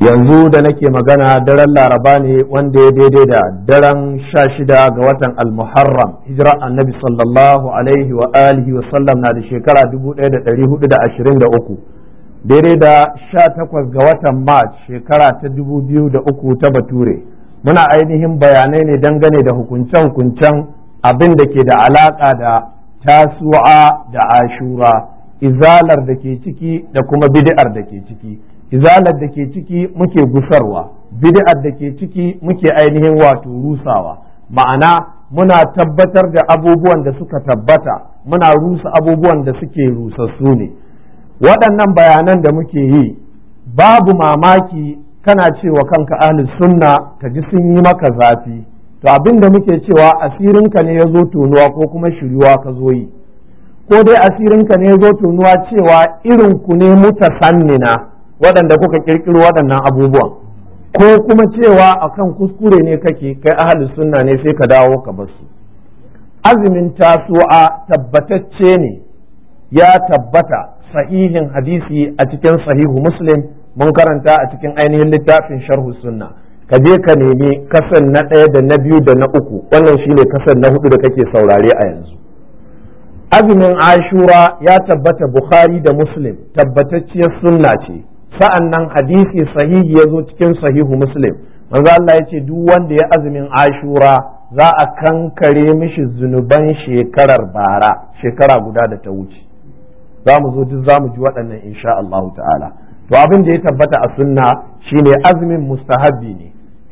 yanzu da nake magana daren laraba ne wanda ya daidai da daren sha shida ga watan almuharram hijira annabi sallallahu alaihi wa alihi wa sallam na da shekara 1423 daidai da sha takwas ga watan march shekara ta da uku ta bature muna ainihin bayanai ne dangane da hukunce-hukuncen abin da ke da alaka da tasu'a da ashura izalar da ke ciki da kuma bid'ar da ke ciki izalar da ke ciki muke gusarwa bid'ar da ke ciki muke ainihin wato rusawa ma'ana muna tabbatar da abubuwan da suka tabbata muna rusa abubuwan da suke rusassu ne waɗannan bayanan da muke yi babu mamaki kana cewa kanka ahli sunna ka ji sun yi maka zafi to abin da muke cewa asirinka ne ya zo tonuwa ko kuma shiryuwa ka zo yi ko dai asirinka ne ya zo tonuwa cewa irin ku ne mutasannina waɗanda kuka ƙirƙiro waɗannan abubuwan ko kuma cewa akan kuskure ne kake kai ahli sunna ne sai ka dawo ka bar su azumin tasu'a tabbatacce ne ya tabbata sahihin hadisi a cikin sahihu muslim mun karanta a cikin ainihin littafin sharhu sunna ka je ka nemi kasan na ɗaya da na biyu da na uku wannan shine kasan na hudu da kake saurare a yanzu azumin ashura ya tabbata bukhari da muslim tabbatacciyar sunna ce sa'an nan hadisi sahihi ya zo cikin sahihu muslim manzo Allah ya ce duk wanda ya azumin ashura za a kankare mishi zunuban shekarar bara shekara guda da ta wuce za mu zo duk za mu ji waɗannan insha Allah ta'ala to abin da ya tabbata a sunna shine azumin mustahabi ne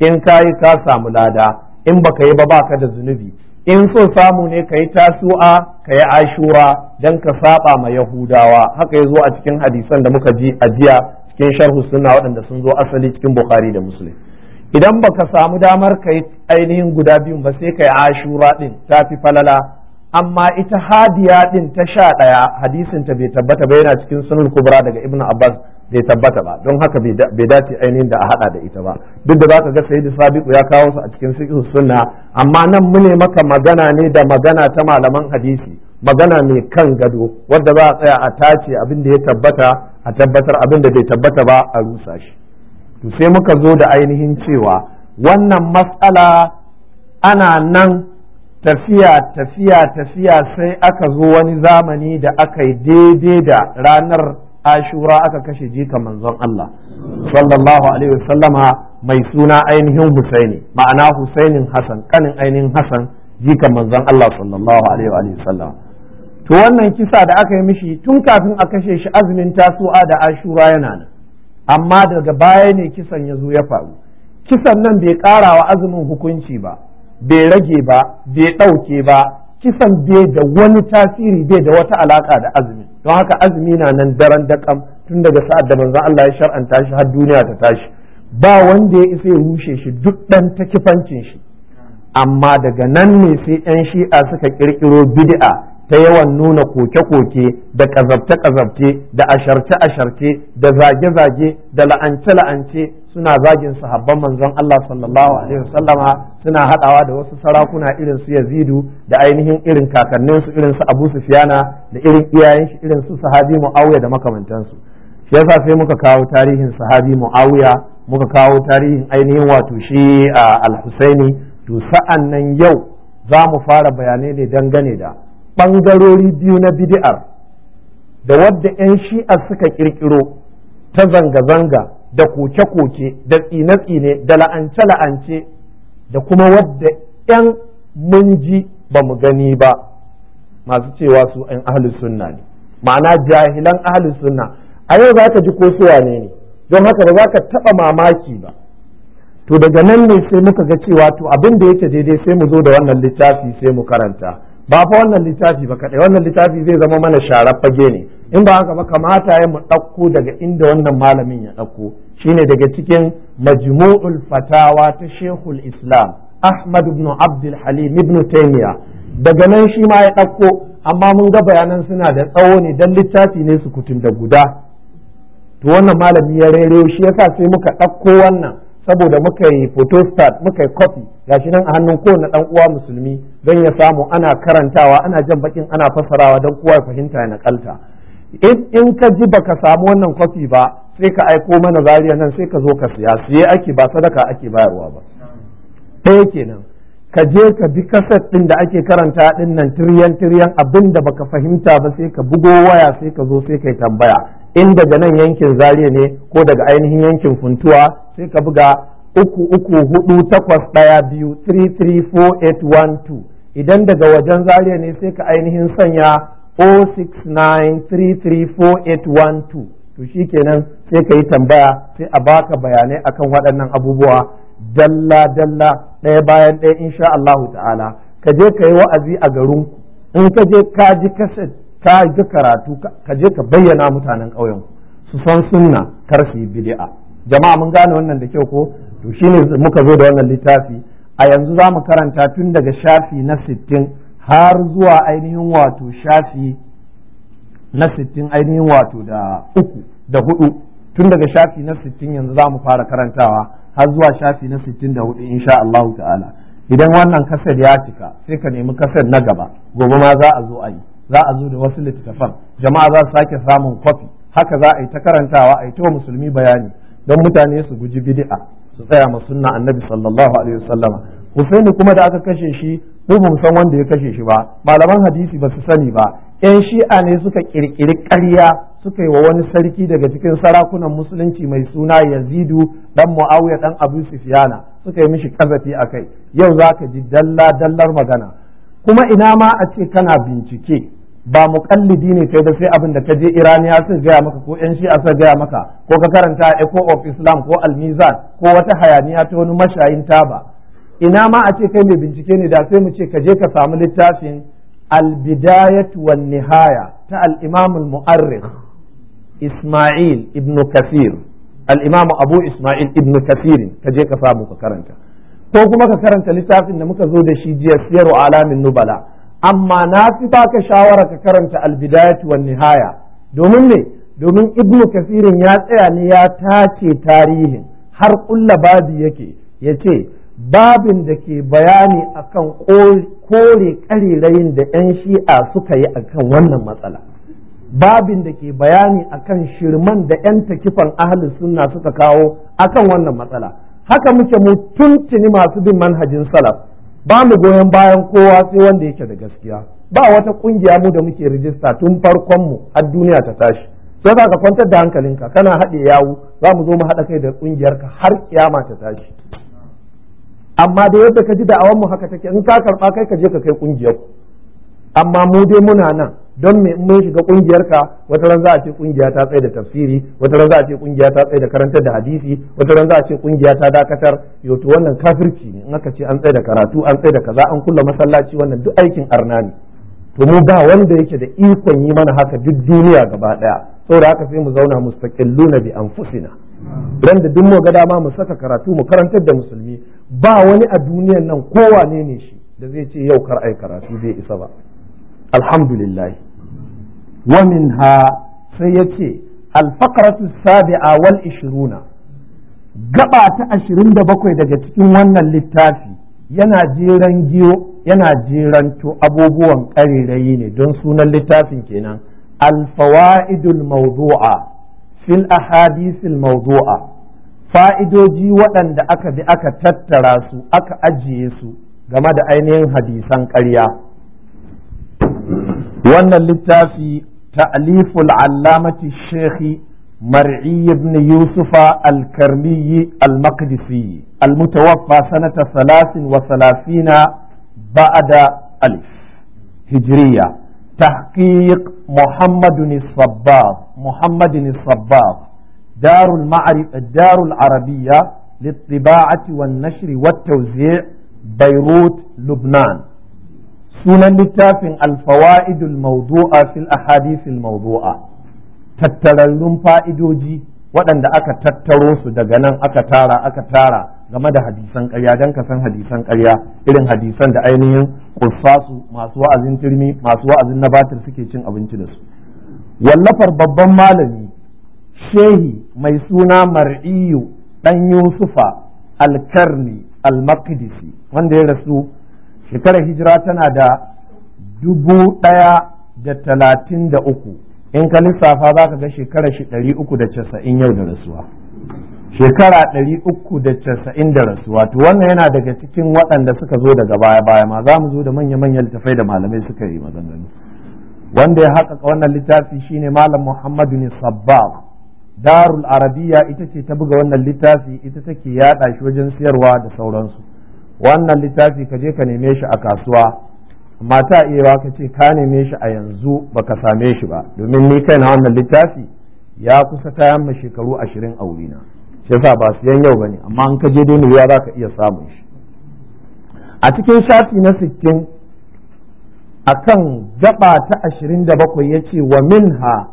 in kayi ka samu lada in baka yi ba baka da zunubi in so samu ne ka yi tasu'a ka yi ashura don ka saba ma yahudawa haka ya zo a cikin hadisan da muka ji a jiya cikin sharhu sunna waɗanda sun zo asali cikin bukhari da muslim idan baka samu damar ka yi ainihin guda biyun ba sai ka yi ashura ɗin ta fi falala amma ita hadiya ɗin ta sha ɗaya hadisin ta bai tabbata ba yana cikin sunan kubra daga ibnu abbas bai tabbata ba don haka bai dace ainihin da a hada da ita ba duk da zaka ga sayyidu sabiqu ya kawo su a cikin fiqh sunna amma nan mune maka magana ne da magana ta malaman hadisi magana mai kan gado wanda ba a tsaya a tace abin da ya tabbata a tabbatar abin da bai tabbata ba a rusa shi to sai muka zo da ainihin cewa wannan matsala ana nan tafiya tafiya tafiya sai aka zo wani zamani da aka yi daidai da ranar ashura aka kashe jika manzon Allah sallallahu alaihi wasallama mai suna ainihin Husaini ma'ana Husainin Hassan kanin ainihin Hassan jika manzon Allah sallallahu alaihi wasallama to wannan kisa da aka yi mishi tun kafin a kashe shi azumin tasu'a da ashura yana nan amma daga baya ne kisan ya zo ya faru kisan nan bai ƙara wa azumin hukunci ba bai rage ba bai ɗauke ba kisan bai da wani tasiri bai da wata alaƙa da azumi don haka azumi na nan daren daƙam tun daga sa'ad da manzon Allah ya shar'anta shi har duniya ta tashi ba wanda ya isa ya rushe shi duk ɗan ta kifancin shi amma daga nan ne sai 'yan shi'a suka ƙirƙiro bid'a ta yawan nuna koke-koke da ƙazabce-ƙazabce da asharce-asharce da zage-zage da la'ance-la'ance suna zagin sahabban manzon Allah sallallahu alaihi wasallama suna haɗawa da wasu sarakuna irin su Yazidu da ainihin irin kakanninsu irin su Abu Sufyana da irin iyayen shi irin su sahabi Muawiya da makamantansu shi yasa sai muka kawo tarihin sahabi Muawiya muka kawo tarihin ainihin wato shi Al-Husaini to sa'annan yau za mu fara bayanai ne dangane da ɓangarori biyu na bidi'ar da wadda 'yan shi'a suka ƙirƙiro ta zanga-zanga da koke-koke da tsine-tsine da la'ance-la'ance da kuma wadda 'yan mun ji ba mu gani ba masu cewa su 'yan ahalus sunna ne ma'ana jahilan ahalus sunna a yau za ka ji ko suwa ne ne don haka ba za ka taɓa mamaki ba to daga nan ne sai muka ga cewa to abin da yake daidai sai mu zo da wannan littafi sai mu karanta ba fa wannan littafi ba kaɗai wannan littafi zai zama mana sharar fage ne in ba haka ba kamata ya mu ɗauko daga inda wannan malamin ya ɗauko shine daga cikin majmu'ul fatawa ta shehul islam ahmad ibn abdul halim ibn taymiya daga nan shi ma ya ɗauko amma mun ga bayanan suna da tsawo ne dan littafi ne su kutun da guda to wannan malami ya rere shi yasa sai muka ɗauko wannan saboda muka yi photostat muka yi copy gashi nan a hannun kowane dan uwa musulmi don ya samu ana karantawa ana jan bakin ana fassarawa don kowa ya fahimta ya nakalta in ka ji baka samu wannan copy ba sai ka aiko mana zariya nan sai ka zo ka siya siye ake ba sadaka ake bayarwa ba ɗaya kenan ka je ka bi kaset ɗin da ake karanta ɗin nan tiryan tiryan abin da baka fahimta ba sai ka bugo waya sai ka zo sai kai tambaya in daga nan yankin zariya ne ko daga ainihin yankin funtuwa sai ka buga uku uku hudu takwas daya biyu two idan daga wajen zariya ne sai ka ainihin sanya oh, six nine two to shi kenan sai ka yi tambaya sai a baka bayanai akan waɗannan abubuwa dalla dalla ɗaya bayan ɗaya insha Allahu ta'ala ka je ka yi wa'azi a garinku in ka je ka ji kaset ka ga karatu ka je ka bayyana mutanen ƙauyen su san sunna kar su yi bid'a jama'a mun gane wannan da kyau ko to shine muka zo da wannan littafi a yanzu za mu karanta tun daga shafi na sittin har zuwa ainihin wato shafi na sittin ainihin wato da uku da hudu tun daga shafi na sittin yanzu za mu fara karantawa har zuwa shafi na sittin da hudu insha Allahu ta'ala idan wannan kasar ya cika sai ka nemi kasar na gaba gobe ma za a zo a yi za a zo da wasu littattafan jama'a za su sake samun kwafi haka za a yi ta karantawa a yi ta musulmi bayani don mutane su guji bid'a su tsaya ma sunna annabi sallallahu alaihi wasallama Husaini kuma da aka kashe shi ko ba san wanda ya kashe shi ba malaman hadisi ba su sani ba yan shi'a ne suka kirkiri ƙarya suka yi wa wani sarki daga cikin sarakunan musulunci mai suna Yazidu dan Muawiya dan Abu sufiyana suka yi mishi kazafi kai yau za ka ji dalla dallar magana kuma ina ma a ce kana bincike ba muƙallidi ne kai ba sai abin da ka je iraniya sun gaya maka ko yan shi'a sun gaya maka ko ka karanta echo of islam ko almizan ko wata hayaniya ta wani mashayin taba ina ma a ce kai mai bincike ne da sai mu ce ka je ka samu littafin albidayat wan nihaya ta al-imam al-mu'arrikh isma'il ibn kasir al-imam abu isma'il ibn kasir ka je ka samu ka karanta ko kuma ka karanta littafin da muka zo da shi jiya siyaru alamin nubala amma na fi baka shawara ka karanta albidayat wa nihaya domin ne domin ibnu kasirin ya tsaya ne ya tace tarihin har kulla babi yake ya ce babin da ke bayani akan kore karerayin da 'yan shi'a suka yi akan wannan matsala babin da ke bayani akan shirman da 'yan takifan ahli sunna suka kawo akan wannan matsala haka muke mu tuntuni masu bin manhajin salaf ba mu goyon bayan kowa sai wanda yake da gaskiya ba wata kungiya mu da muke rijista tun farkon mu har duniya ta tashi sai za ka kwantar da hankalinka kana haɗe yawu za mu zo mu haɗa kai da kungiyarka har kiyama ta tashi amma da yadda ka ji da'awar mu haka take in ka karɓa kai ka je ka kai kungiyar amma mu dai muna nan don me mun shiga kungiyarka wata ran za a ce kungiya ta tsaye da tafsiri wata ran za a ce kungiya ta tsaye da karantar da hadisi wata ran za a ce kungiya ta dakatar yo to wannan kafirci ne in aka ce an tsaye da karatu an tsaye da kaza an kulla masallaci wannan duk aikin arna ne to mu ba wanda yake da ikon yi mana haka duk duniya gaba daya saboda haka sai mu zauna mustaqilluna bi anfusina idan da duk mu ga dama mu saka karatu mu karantar da musulmi ba wani a duniyan nan kowa ne ne shi da zai ce yau kar ai karatu zai isa ba alhamdulillah wa minha sai ya ce alfakaratu sabi'a wal ishiruna gaba ta ashirin da bakwai daga cikin wannan littafi yana jeran giyo yana jeranto abubuwan ƙarerayi ne don sunan littafin kenan alfawa'idul mawdu'a fil ahadisil mawdu'a fa'idoji waɗanda aka bi aka tattara su aka ajiye su game da ainihin hadisan ƙarya wannan littafi تأليف العلامة الشيخ مرعي بن يوسف الكرمي المقدسي المتوفى سنة ثلاث وثلاثين بعد ألف هجرية تحقيق محمد الصباغ محمد الصباغ دار المعرفة الدار العربية للطباعة والنشر والتوزيع بيروت لبنان sunan littafin alfawa'idul mawdu'a fil ahadithil mawdu'a tattararrun fa'idoji waɗanda aka tattaro su daga nan aka tara aka tara game da hadisan ƙarya don ka san hadisan ƙarya irin hadisan da ainihin kursasu masu wa'azin turmi masu wa'azin nabatar suke cin abinci da su wallafar babban malami shehi mai suna mar'iyu dan yusufa alkarni almakdisi wanda ya rasu shekarar hijira tana da dubu ɗaya da talatin da uku in ka lissafa za ka ga shekarar shi ɗari uku da casa'in yau da rasuwa shekara ɗari uku da casa'in da rasuwa to wannan yana daga cikin waɗanda suka zo daga baya baya ma za mu zo da manya-manyan littafai da malamai suka yi maganganu wanda ya haƙaƙa wannan littafi shine malam muhammadu ne sabbaq darul arabiya ita ce ta buga wannan littafi ita take yaɗa shi wajen siyarwa da sauransu wannan littafi ka je ka neme shi a kasuwa mata iya ka ce ka neme shi a yanzu baka same shi ba domin ni kai na wannan littafi ya kusa kayan ma shekaru ashirin a wurina shi yasa ba siyan yau bane amma an ka je dai ne za ka iya samun shi a cikin shafi na sittin akan gaba ta ashirin da bakwai ya ce wa minha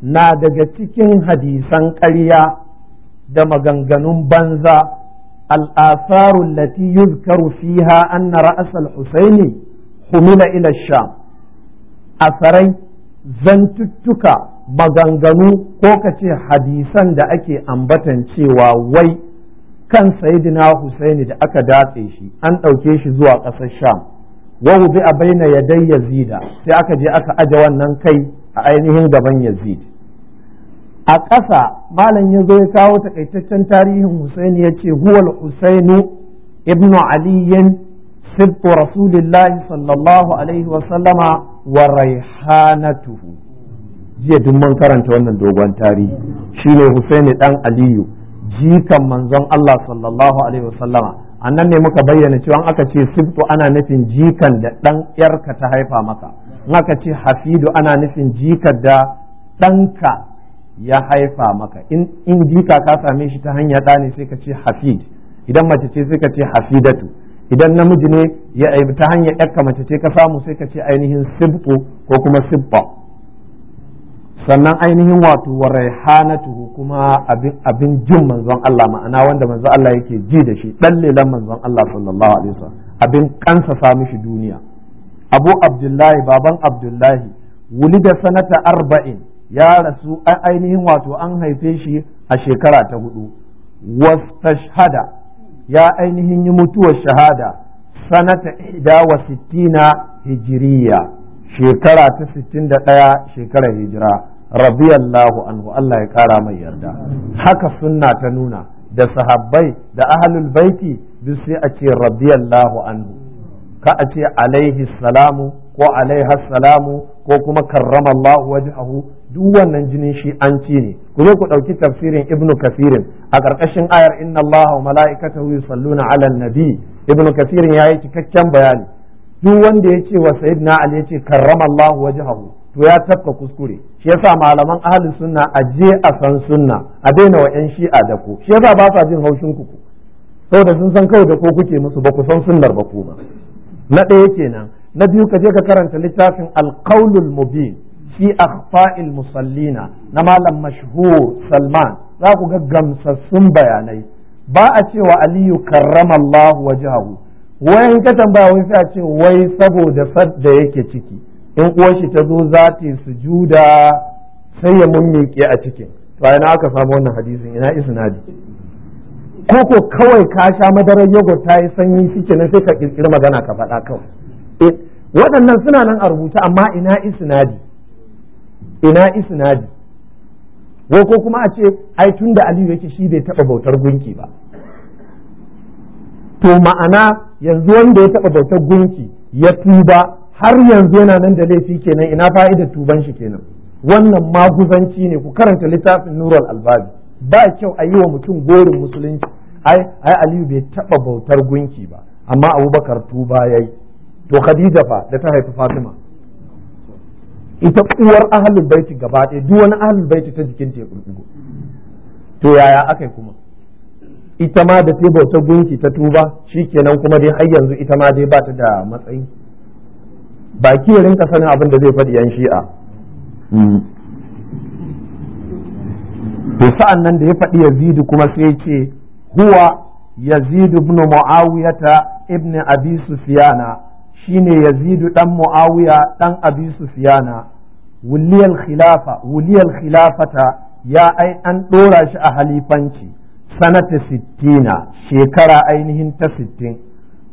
na daga cikin hadisan ƙarya da maganganun banza الآثار التي يذكر فيها أن رأس الحسين حمل إلى الشام أثري زنتتك maganganu ko ka ce hadisan da ake ambatan cewa wai kan sayidina Husaini da aka datse shi an ɗauke shi zuwa ƙasar Sham wawu bi a baina yadai Yazida sai aka je aka aje wannan kai a ainihin gaban Yazid a ƙasa malam ya zo ya kawo takaitaccen tarihin Hussein ya ce huwal Husainu ibnu aliyin sibtu Rasulullahi sallallahu alaihi wasallama wa raihanatuhu jiya duk mun karanta wannan dogon tarihi shine Husaini dan Aliyu jikan manzon Allah sallallahu alaihi wasallama annan ne muka bayyana cewa aka ce sibtu ana nufin jikan da dan yarka ta haifa maka in aka ce hafidu ana nufin jikar da ɗanka ya haifa maka in jika ka same shi ta hanya ɗa ne sai ka ce hafid idan mace ce sai ka ce hafidatu idan namiji ne ya eh, ta hanya ɗakka mace ce ka samu sai ka ce ainihin sibtu ko kuma sibba sannan ainihin wato wa raihanatuhu kuma abin jin manzon Allah ma'ana wanda manzon Allah yake ji da shi ɗan lelan manzon Allah sallallahu alaihi wasallam abin kansa sa mishi duniya abu abdullahi baban abdullahi wuli wulida sanata arba'in ya rasu ainihin wato an haife shi a shekara ta hudu wastashhada ya ainihin yi mutuwar shahada sanata ihda wa sittina hijiriya shekara ta sittin da ɗaya shekarar hijira radiyallahu anhu Allah ya kara mai yarda haka sunna ta nuna da sahabbai da ahlul baiti duk sai a ce radiyallahu anhu ka a ce alaihi salamu ko alaihi salamu ko kuma karramallahu wajhahu duk wannan jinin shi an ci ne ku zo ku ɗauki tafsirin ibnu kasirin a ƙarƙashin ayar inna allaha wa mala'ikatahu yusalluna ala nabi ibnu kasirin yayi cikakken bayani duk wanda ya ce wa sayyidina ali ya ce karrama allahu wajhahu to ya tafka kuskure shi yasa malaman ahlus sunna a je a san sunna a daina wa yan shi'a da ku shi yasa ba sa jin haushin ku saboda sun san kawai da ko kuke musu ba ku san sunnar ba ku ba na ɗaya kenan na biyu ka je ka karanta littafin alqaulul mubin fi akhfa'il musallina na malam mashhur salman za ku ga gamsassun bayanai ba a cewa aliyu Allah wajahu wai in ka tambaya wai sai a ce wai saboda sadda yake ciki in uwar shi ta zo za ta juda sujuda sai ya mummike a cikin to ina aka samu wannan hadisin ina isnadi ko ko kawai ka sha madarar yogurt ta yi sanyi shike nan sai ka kirkiri magana ka faɗa kawai eh, waɗannan suna nan a rubuta amma ina isnadi ina isnadi wai ko kuma a ce ai tun da aliyu yake shi bai taɓa bautar gunki ba to ma'ana yanzu wanda ya taɓa bautar gunki ya tuba har yanzu yana nan da laifi kenan ina fa'idar tuban shi kenan wannan maguzanci ne ku karanta littafin nurul albabi ba kyau a yi wa mutum gorin musulunci ai ai aliyu bai taɓa bautar gunki ba amma abubakar tuba yayi to khadija fa da ta haifi fatima ita uwar ahalin baiti gaba ɗaya duk wani ahalin baiti ta jikin ta ya to yaya aka yi kuma ita ma da tebur ta gunki ta tuba shi shikenan kuma dai har yanzu ita ma dai bata da matsayi baki ya rinka sanin abin da zai faɗi yan shi'a hmm. to sa'an nan da ya faɗi yazidu kuma sai ce huwa yazidu ibn muawiyata ibn abi sufyana shine yazidu dan muawiya dan abi sufyana wuliyal khilafa wuliyal khilafata ya ai an dora shi a halifanci sanata sittina shekara ainihin ta sittin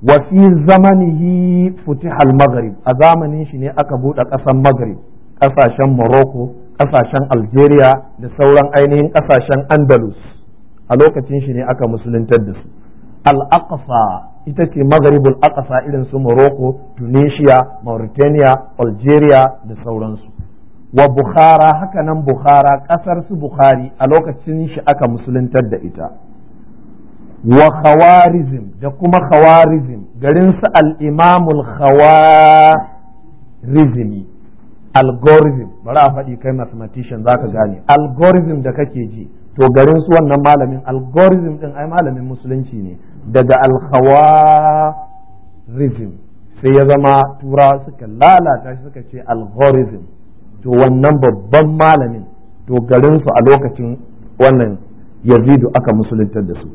wa fi zamanihi futihal maghrib a zamanin shi ne aka buɗe ƙasar maghrib ƙasashen morocco ƙasashen algeria da sauran ainihin ƙasashen andalus a lokacin shi ne aka musuluntar da su al-aqsa ita ce magharibul aqsa irin su morocco tunisia mauritania algeria da sauransu wa bukhara hakanan bukhara ƙasar su bukhari a lokacin shi aka musuluntar da ita wa khawarizm da kuma khawarizm garin su al-imamul khawarizmi algorithm bari a faɗi kai mathematician zaka gane algorithm da kake ji to garin su wannan malamin algorithm din ai malamin musulunci ne daga alkhawarizm sai ya zama tura suka lalata shi suka ce algorithm to wannan babban malamin to garinsu a lokacin wannan yazidu aka musulunta da su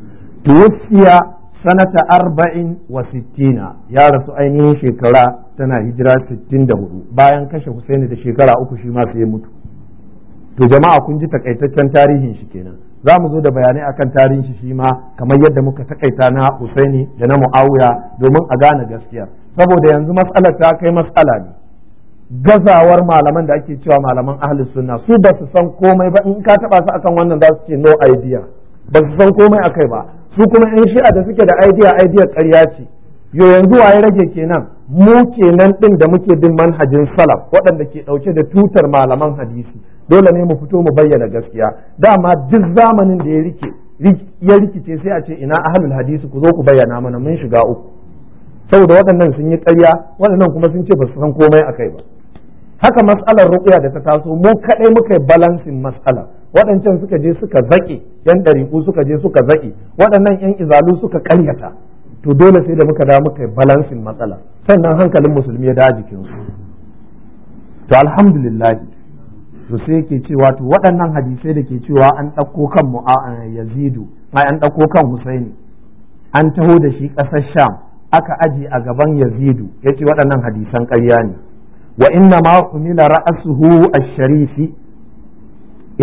tuwusiya sanata arba'in wa sittina ya rasu ainihin shekara tana hijira sittin da hudu bayan kashe husaini da shekara uku shi ma sai mutu to jama'a kun ji takaitaccen tarihin shi kenan za mu zo da bayanai akan tarihin shi shi ma kamar yadda muka takaita na Husaini da na Muawiya domin a gane gaskiya saboda yanzu matsalar ta kai matsala ne gazawar malaman da ake cewa malaman ahlus sunna su ba su san komai ba in ka taba su akan wannan za su ce no idea ba su san komai akai ba su kuma yan shi'a da suke da idea idea ƙarya ce yo yanzu waye rage kenan mu kenan din da muke bin manhajin salaf waɗanda ke ɗauke da tutar malaman hadisi dole ne mu fito mu bayyana gaskiya dama duk zamanin da ya rikice sai a ce ina ahlul hadisi ku zo ku bayyana mana mun shiga uku saboda waɗannan sun yi ƙarya waɗannan kuma sun ce ba su san komai akai ba haka matsalar ruqya da ta taso mu kaɗai muka yi balancing mas'alar waɗancan suka je suka zaƙe yan ɗariƙu suka je suka zaƙe waɗannan yan izalu suka ƙaryata to dole sai da muka da muka yi balansin matsala sannan hankalin musulmi ya da jikinsu to alhamdulillah to sai yake cewa to waɗannan hadisai da ke cewa an ɗauko kan yazidu ai an ɗauko kan husaini an taho da shi ƙasar sham aka aji a gaban yazidu ya ce waɗannan hadisan ƙarya ne wa inna ma umila ra'asuhu asharifi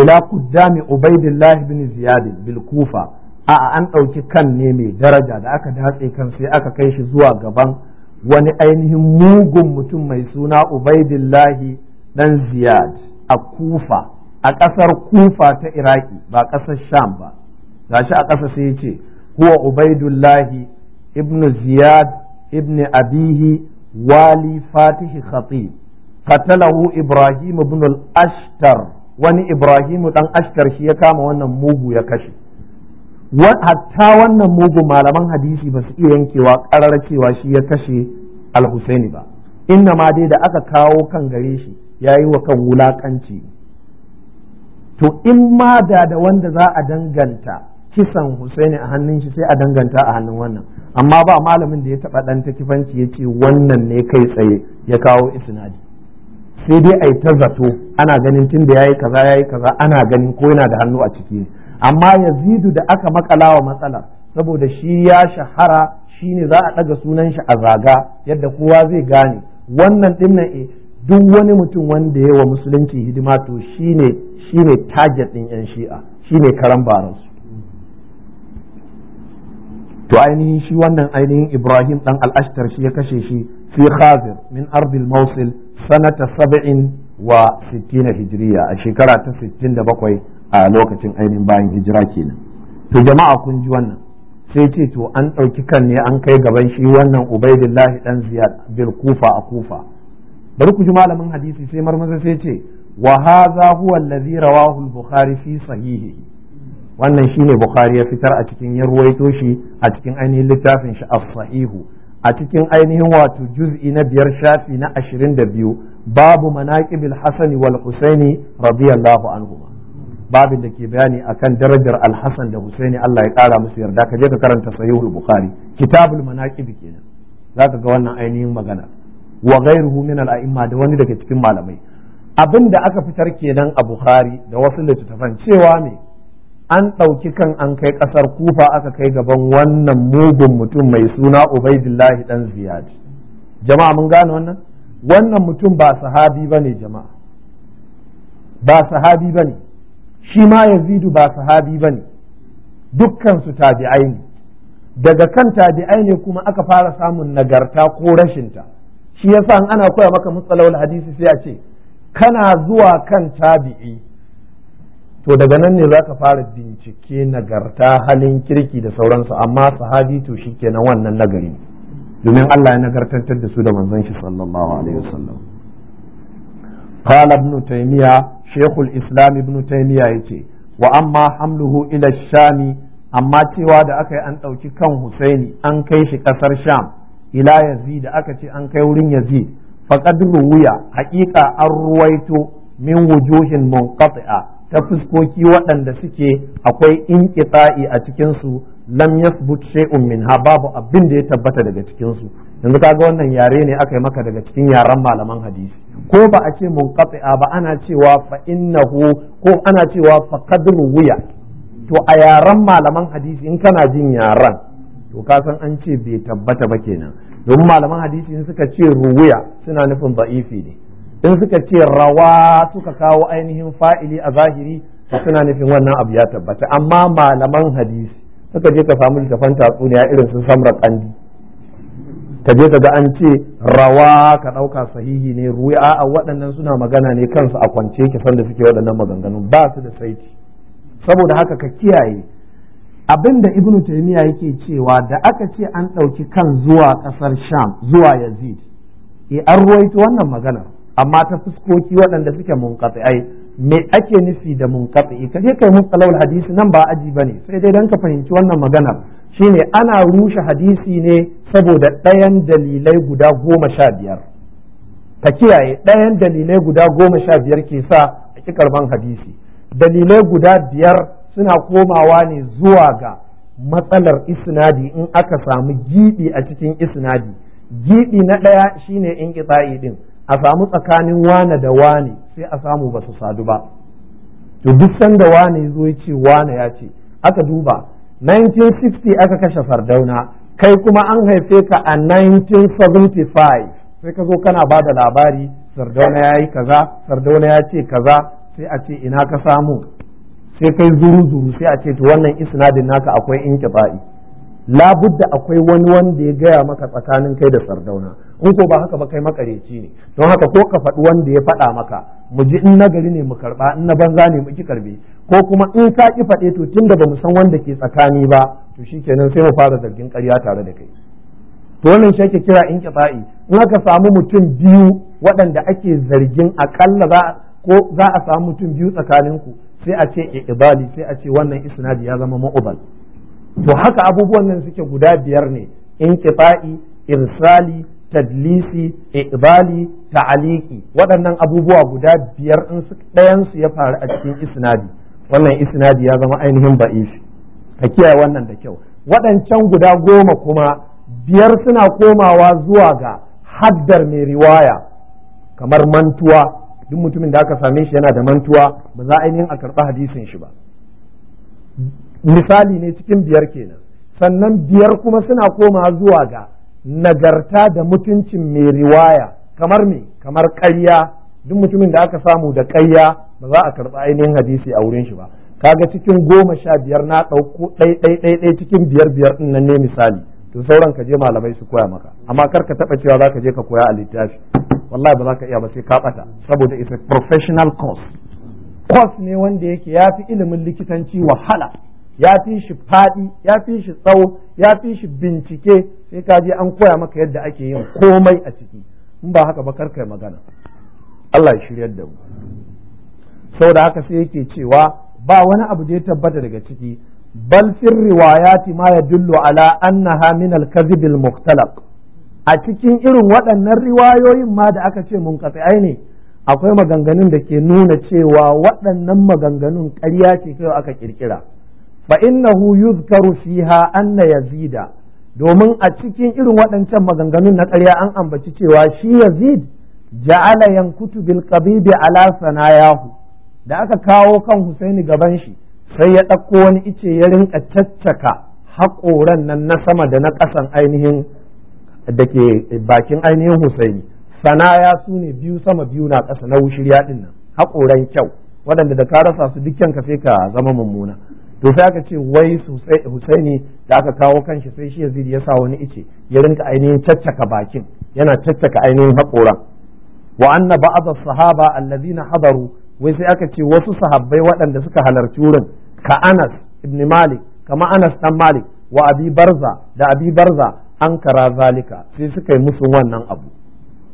ila kuddami ubaidillah ibn ziyad bil kufa a an ɗauki kan ne mai daraja da aka datse kan sai aka kai shi zuwa gaban wani ainihin mugun mutum mai suna ubaidillahi dan ziyad a kufa a ƙasar kufa ta iraki ba ƙasar sham ba gashi a ƙasa sai ya ce huwa ubaidullahi ibn ziyad ibn abihi wali fatihi khatib qatalahu ibrahim ibn al-ashtar wani ibrahim dan ashtar shi ya kama wannan mugu ya kashe hatta wannan mugu malaman hadisi ba su iya yankewa ƙarar cewa shi ya kashe al-husaini ba inna ma dai da aka kawo kan gare shi ya yi wa kan wulaƙanci to in ma da da wanda za a danganta kisan Husaini a hannun shi sai a danganta a hannun wannan amma ba malamin da ya taɓa ɗan ta kifanci ya ce wannan ne kai tsaye ya kawo isnadi sai dai a yi ta zato ana ganin tun da ya yi kaza ya yi kaza ana ganin ko yana da hannu a ciki amma yazidu da aka makala wa matsalar saboda shi ya shahara shi ne za a ɗaga sunan shi a zaga yadda kowa zai gane wannan ɗinnan e eh, duk wani mutum wanda ya wa musulunci hidima to shi ne target ɗin yan shi'a ne karan baransu to ainihin shi wannan ainihin Ibrahim ɗan al'ashtar shi ya kashe shi fi Khazir min arbil mausil sanata saba'in wa sittina hijriya a shekara ta bakwai a lokacin ainihin bayan hijira kenan to jama'a kun ji wannan sai ce to an ɗauki kan ne an kai gaban shi wannan Ubaidullahi ɗan Ziyad bil Kufa a Kufa bari ku ji malamin hadisi sai marmaza sai ce wa hadha huwa allazi rawahu al-bukhari fi sahihi wannan shine bukhari ya fitar a cikin ya ruwaito shi a cikin ainihin littafin shi as-sahihu a cikin ainihin wato juz'i na biyar shafi na ashirin da biyu babu manaqibil hasani wal husaini radiyallahu anhuma babin da ke bayani akan darajar al-hasan da husaini Allah ya kara musu yarda ka je ka karanta sahihul bukhari kitabul manaqib kenan zaka ga wannan ainihin magana wa ghairuhu min al-a'imma da wani daga cikin malamai Abinda aka fitar kenan a Bukhari da wasu littattafan cewa ne an ɗauki kan an kai ƙasar kufa aka kai gaban wannan mugun mutum mai suna ubaidillahi dan ziyad jama'a mun gane wannan wannan mutum ba sahabi bane jama'a ba sahabi bane shi ma yazidu ba sahabi bane dukkan su tabi'ai ne daga kan tabi'ai ne kuma aka fara samun nagarta ko rashinta shi yasa in ana koya maka matsalawar hadisi sai a ce kana zuwa kan tabi'i to daga nan ne za ka fara bincike nagarta halin kirki da sauransu amma sahabi to shi kenan wannan nagari domin Allah ya nagartantar da su da manzon shi sallallahu alaihi wasallam qala ibn taymiya shaykhul islam ibn taymiya yace wa amma hamluhu ila shami amma cewa da aka yi an ɗauki kan husaini an kai shi ƙasar sham ila da aka ce an kai wurin yazid faqad wuya haƙiƙa an ruwaito min wujuhin munqati'a ta fuskoki waɗanda suke akwai inqita'i a cikin su lam yathbut shay'un minha babu abin da ya tabbata daga cikin su yanzu kaga wannan yare ne aka yi maka daga cikin yaren malaman hadisi ko ba a ce munqati'a ba ana cewa fa innahu ko ana cewa faqad wuya to a yaren malaman hadisi in kana jin yaren to ka san an ce bai tabbata ba kenan domin malaman hadisi in suka ce ruwiya suna nufin ba'ifi ne in suka ce rawa suka kawo ainihin fa'ili a zahiri suna nufin wannan abu ya tabbata amma malaman hadisi suka je ka samu littafan tatsuniya irin sun samra kandi ka je ka ga an ce rawa ka ɗauka sahihi ne ruwa a waɗannan suna magana ne kansu a kwance ki da suke waɗannan maganganun ba su da saiti saboda haka ka kiyaye abin da ibn taymiya yake cewa da aka ce an ɗauki kan zuwa ƙasar sham zuwa yazid e an ruwaito wannan maganar amma ta fuskoki waɗanda suke munqati'ai me ake nufi da munqati'i ka je kai mustalahul hadisi nan ba aji bane sai dai dan ka fahimci wannan maganar shine ana rushe hadisi ne saboda ɗayan dalilai guda goma sha biyar ka kiyaye ɗayan dalilai guda goma sha biyar ke sa a ƙi karban hadisi dalilai guda biyar suna komawa ne zuwa ga matsalar isnadi in aka samu giɓi a cikin isnadi giɓi na ɗaya shine in ƙitsa'i ɗin a samu tsakanin wane da wane sai a samu ba su sadu ba to duk sanda wane zo ya ce wane ya ce aka duba 1960 aka kashe fardauna kai kuma an haife ka a 1975 sai ka zo kana ba da labari sardauna ya yi kaza sardauna ya ce kaza sai a ce ina ka samu sai kai zuru zuru sai a ce to wannan isnadin naka akwai inqita'i labudda akwai wani wanda ya gaya maka tsakanin kai da sardauna in ko ba haka ba kai makareci ne don haka ko ka faɗi wanda ya faɗa maka mu ji in nagari ne mu karɓa in na banza ne mu ki karbe ko kuma in ka ki faɗe to tunda ba mu san wanda ke tsakani ba to shikenan sai mu fara zargin ƙarya tare da kai to wannan shi ake kira in in aka samu mutum biyu waɗanda ake zargin akalla za ko za a samu mutum biyu tsakaninku sai a ce iqbali sai a ce wannan isnadi ya zama ma'ubal to haka abubuwan nan suke guda biyar ne in inqita'i irsali tadlisi ibali ta'aliki waɗannan abubuwa guda biyar in su ɗayan su ya faru a cikin isnadi wannan isnadi ya zama ainihin ba'ishi ka kiyaye wannan da kyau waɗancan guda goma kuma biyar suna komawa zuwa ga haddar mai riwaya kamar mantuwa duk mutumin da aka same shi yana da mantuwa ba za a ainihin a karɓi hadisin shi ba misali ne cikin biyar kenan sannan biyar kuma suna koma zuwa ga nagarta da mutuncin mai riwaya kamar me kamar ƙarya duk mutumin da aka samu da ƙarya ba za a karɓi ainihin hadisi a wurin shi ba kaga cikin goma sha biyar na ɗauko ɗai ɗai cikin biyar biyar ɗin nan ne misali to sauran ka je malamai su koya maka amma kar ka taba cewa zaka je ka koya a littafi wallahi ba za ka iya ba sai ka bata saboda it's a professional course course ne wanda yake ya fi ilimin likitanci wahala ya fi shi faɗi ya fi shi tsawo ya fi shi bincike sai ka je an koya maka yadda ake yin komai a ciki in ba haka ba kar kai magana Allah ya shiryar da mu saboda haka sai yake cewa ba wani abu da ya tabbata daga ciki bal fil riwayati ma yadullu ala annaha min al-kadhib al a cikin irin waɗannan riwayoyin ma da aka ce mun katsi ne akwai maganganun da ke nuna cewa waɗannan maganganun ƙarya ce kai aka kirkira fa innahu yuzkaru fiha anna yazida domin a cikin irin waɗancan maganganun na ƙarya an ambaci cewa shi yazid ja'ala yankutu bil qabidi ala sanayahu da aka kawo kan Husaini gaban shi sai ya ɗauko wani ice ya rinka caccaka haƙoran nan na sama da na ƙasan ainihin da ke bakin ainihin husaini sanaya su ne biyu sama biyu na ƙasa na wushirya ɗin nan haƙoran kyau waɗanda da ka rasa su dukkan ka sai ka zama mummuna to sai aka ce wai husaini da aka kawo kanshi sai shi yazid ya sa wani ice ya rinka ainihin caccaka bakin yana caccaka ainihin haƙoran wa anna ba'd as-sahaba alladhina hadaru wai sai aka ce wasu sahabbai waɗanda suka halarci wurin ka Anas ibn Malik kama Anas dan Malik wa Abi Barza da Abi Barza an kara zalika sai suka yi musu wannan abu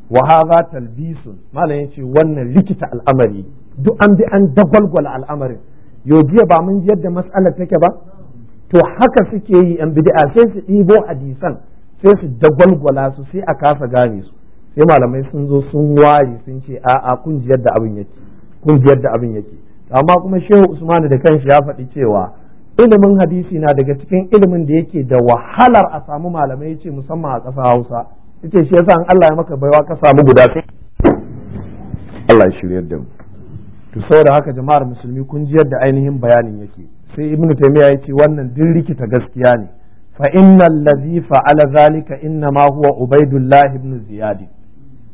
wa hadha talbisun malam yace wannan likita al'amari duk an bi an dagwalgwala al'amarin yau jiya ba mun yadda mas'alar take ba to haka suke yi yan bid'a sai su ɗibo hadisan sai su dagwalgwala su sai a kasa gane su sai malamai sun zo sun waye sun ce a'a kun ji yadda abin yake kun ji yadda abin yake amma kuma shehu usman da kanshi ya faɗi cewa ilimin hadisi na daga cikin ilimin da yake da wahalar a samu malamai ce musamman a ƙasa Hausa ce shi yasa an Allah ya maka baiwa ka samu guda sai Allah ya shiryar da mu to saboda haka jama'ar musulmi kun ji yadda ainihin bayanin yake sai ibnu ya ce wannan din rikita gaskiya ne fa innal ladhi fa'ala zalika inna ma huwa ubaidullah ibn ziyad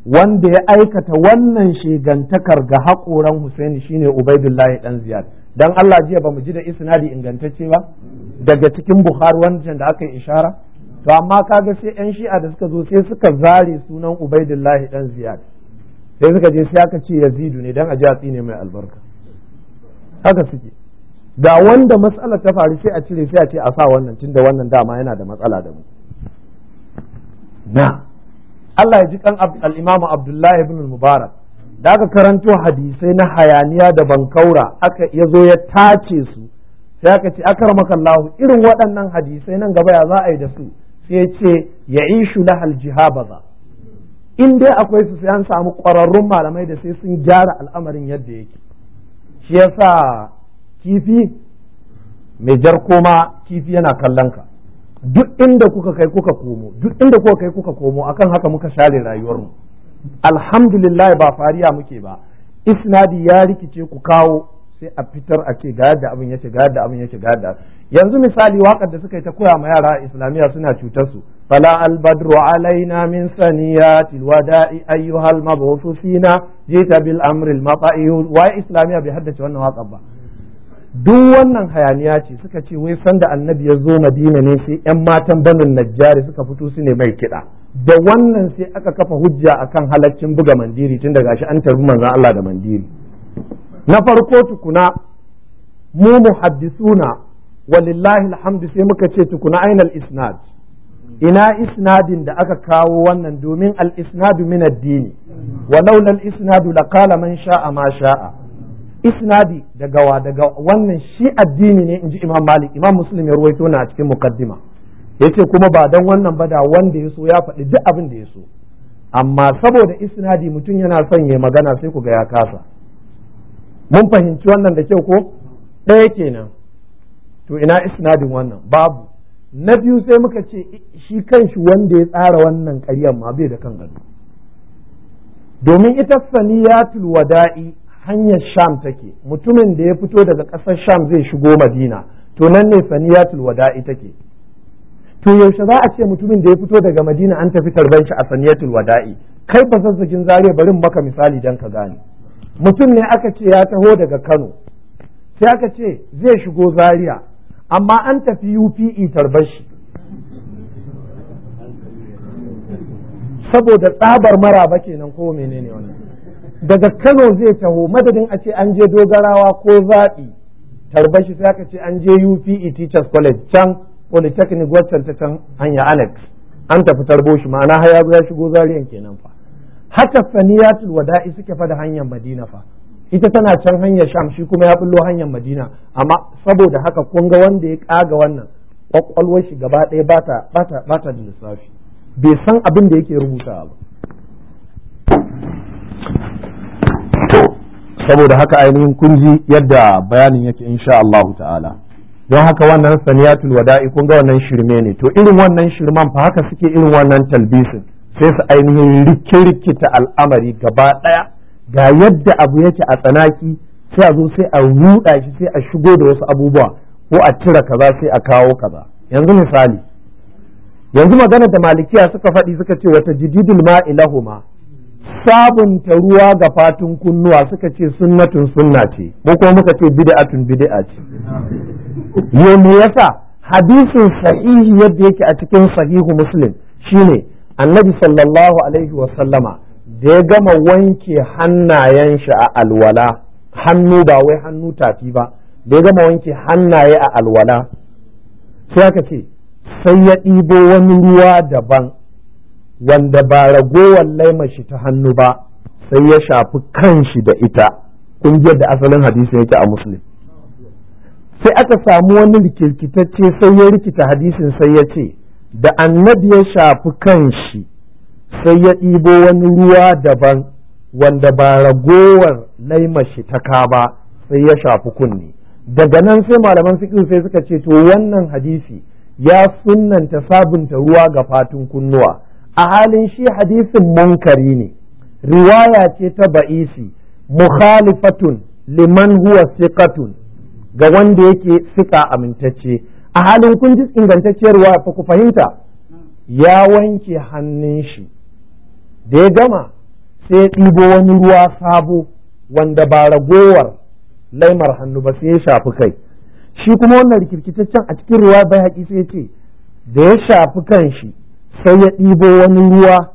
wanda ya aikata wannan shegantakar ga haƙoran Husaini shine Ubaidullahi dan Ziyad dan Allah jiya bamu ji da isnadi ingantacce ba daga cikin Bukhari wancan da aka yi ishara to amma kaga sai yan shi'a da suka zo sai suka zare sunan Ubaidullahi dan Ziyad sai suka je sai aka ce Yazidu ne dan a ne mai albarka haka suke da wanda matsala ta faru sai a cire sai a ce a sa wannan tunda wannan dama yana da matsala da mu na Allah ya ji kan al-Imam Abdullah ibn mubarak da aka karanto hadisai na hayaniya da bankaura aka ya zo ya tace su sai aka ce akramakallahu irin waɗannan hadisai nan gaba ya za a yi da su sai ya ce ya ishu lahal Baza. in dai akwai su sai an samu ƙwararrun malamai da sai sun gyara al'amarin yadda yake shi yasa kifi mai jar koma kifi yana kallon ka duk inda kuka kai kuka komo duk inda kuka kai kuka komo akan haka muka share rayuwarmu alhamdulillah ba fariya muke ba isnadi ya rikice ku kawo sai a fitar a ce ga yadda abin yake ga yadda abin yake ga yadda yanzu misali waƙar da suka yi ta koya ma yara a islamiyya suna cutar su fala albadru alaina min saniyati wada'i ayyuhal mabghuthu fina jita bil amri al mata'i wa islamiyya bai haddace wannan waƙar ba duk wannan hayaniya ce suka ce wai sanda annabi ya zo madina ne sai yan matan banin najjari suka fito su ne mai kiɗa da wannan sai aka kafa hujja akan halaccin buga mandiri tun da shi an tarbi manzon Allah da mandiri na farko tukuna mu muhaddisuna walillahi alhamdu sai muka ce tukuna ainal isnad ina isnadin da aka kawo wannan domin al isnadu min addini? dini wa al isnadu laqala man sha'a ma sha'a isnadi daga wa daga wannan shi addini ne inji imam malik imam muslim ya ruwaito na a cikin ya ce kuma ba dan wannan ba da wanda ya so ya faɗi duk abin da ya so amma saboda isnadi mutum yana son ya magana sai ku ga ya kasa mun fahimci wannan da kyau ko ɗaya kenan to ina isnadin wannan babu na biyu sai muka ce shi kanshi wanda ya tsara wannan ƙaryar ma bai da kan gado domin ita saniyatul wada'i hanyar sham take mutumin da ya fito daga ƙasar sham zai shigo madina to nan ne saniyatul wada'i take to yaushe za a ce mutumin da ya fito daga madina an tafi tarban shi a saniyatul wada'i kai ba zazzakin zariya bari maka misali dan ka gane mutum ne aka ce ya taho daga kano sai aka ce zai shigo zaria amma an tafi UPE tarban shi saboda tsabar maraba kenan ko menene wannan daga Kano zai taho madadin a ce an je dogarawa ko zaɓi tarbashi sai aka ce an je UPE Teachers College can Polytechnic Western ta can hanya Alex an tafi tarbo shi ma'ana haya ya shigo zariyan kenan fa haka faniyatul wada'i suke fa da hanyar Madina fa ita tana can hanyar Sham shi kuma ya bullo hanyar Madina amma saboda haka kun ga wanda ya kaga wannan kwakwalwar shi gaba ɗaya bata da lissafi bai san abin da yake rubutawa ba saboda haka ainihin kunji yadda bayanin yake insha Allah ta'ala don haka wannan saniyatul wada'i kun ga wannan shirme ne to irin wannan shirman fa haka suke irin wannan talbisin sai su ainihin rikirkita al'amari gaba daya ga yadda abu yake a tsanaki sai a zo sai a ruɗa shi sai a shigo da wasu abubuwa ko a cire kaza sai a kawo kaza yanzu misali yanzu magana da malikiya suka faɗi suka ce wata jididul ma'ilahuma. sabunta ruwa ga fatun kunnuwa suka ce sunnatun sunna ce ko kuma muka ce bid'atun bid'a ce yau yasa hadisin sahihi yadda yake a cikin sahihu muslim shine annabi sallallahu alaihi wa sallama da ya gama wanke hannayen shi a alwala hannu ba wai hannu tafi ba da ya gama wanke hannaye a alwala sai aka ce sai ya ɗibo wani ruwa daban wanda ba ragowar laima shi ta hannu ba sai ya shafi kanshi da ita kungiyar da asalin hadisin yake a muslim sai aka samu wani rikirkitacce sai ya rikita hadisin sai ya ce da annabi ya shafi kanshi sai ya ɗibo wani ruwa daban wanda ba ragowar laima shi ta ka ba sai ya shafi kunne daga nan sai malaman fiqh sai suka ce to wannan hadisi ya sunanta sabunta ruwa ga fatun kunnuwa a halin shi hadisin munkari ne riwaya ce ta ba'isi mukhalifatun liman huwa siqatun ga wanda yake siƙa amintacce a halin kun ji ingantacciyar riwaya fa ku fahimta ya wanke hannun shi da ya gama sai ya ɗibo wani ruwa sabo wanda ba ragowar laimar hannu ba sai ya shafi kai shi kuma wannan rikirkitaccen a cikin ruwa bai haƙi sai ce da ya shafi kan shi sai ya ɗibo wani ruwa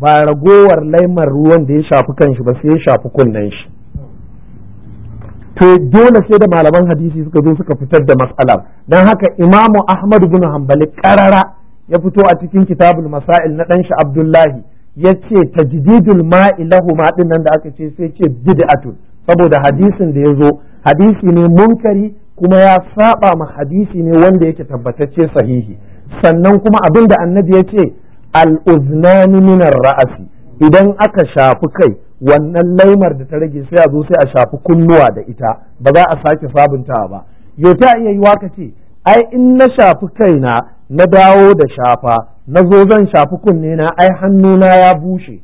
ba ragowar laimar ruwan da ya shafi kanshi ba sai ya shafi kunnen shi to dole sai da malaman hadisi suka zo suka fitar da matsala don haka imamu ahmad bin hanbali karara ya fito a cikin kitabul masail na ɗanshi abdullahi ya ce tajdidul ma'i lahuma nan da aka ce sai ce bid'atun saboda hadisin da ya zo hadisi ne munkari kuma ya saba ma hadisi ne wanda yake tabbatacce sahihi sannan kuma abin da annabi ya ce al'uznani minar ra'asi idan aka shafi kai wannan laimar da ta rage sai a zo sai a shafi kunnuwa da ita ba za a sake sabuntawa ba yau ta iya yi ka ce ai in na shafi kaina na dawo da shafa na zo zan shafi kunne na ai hannuna ya bushe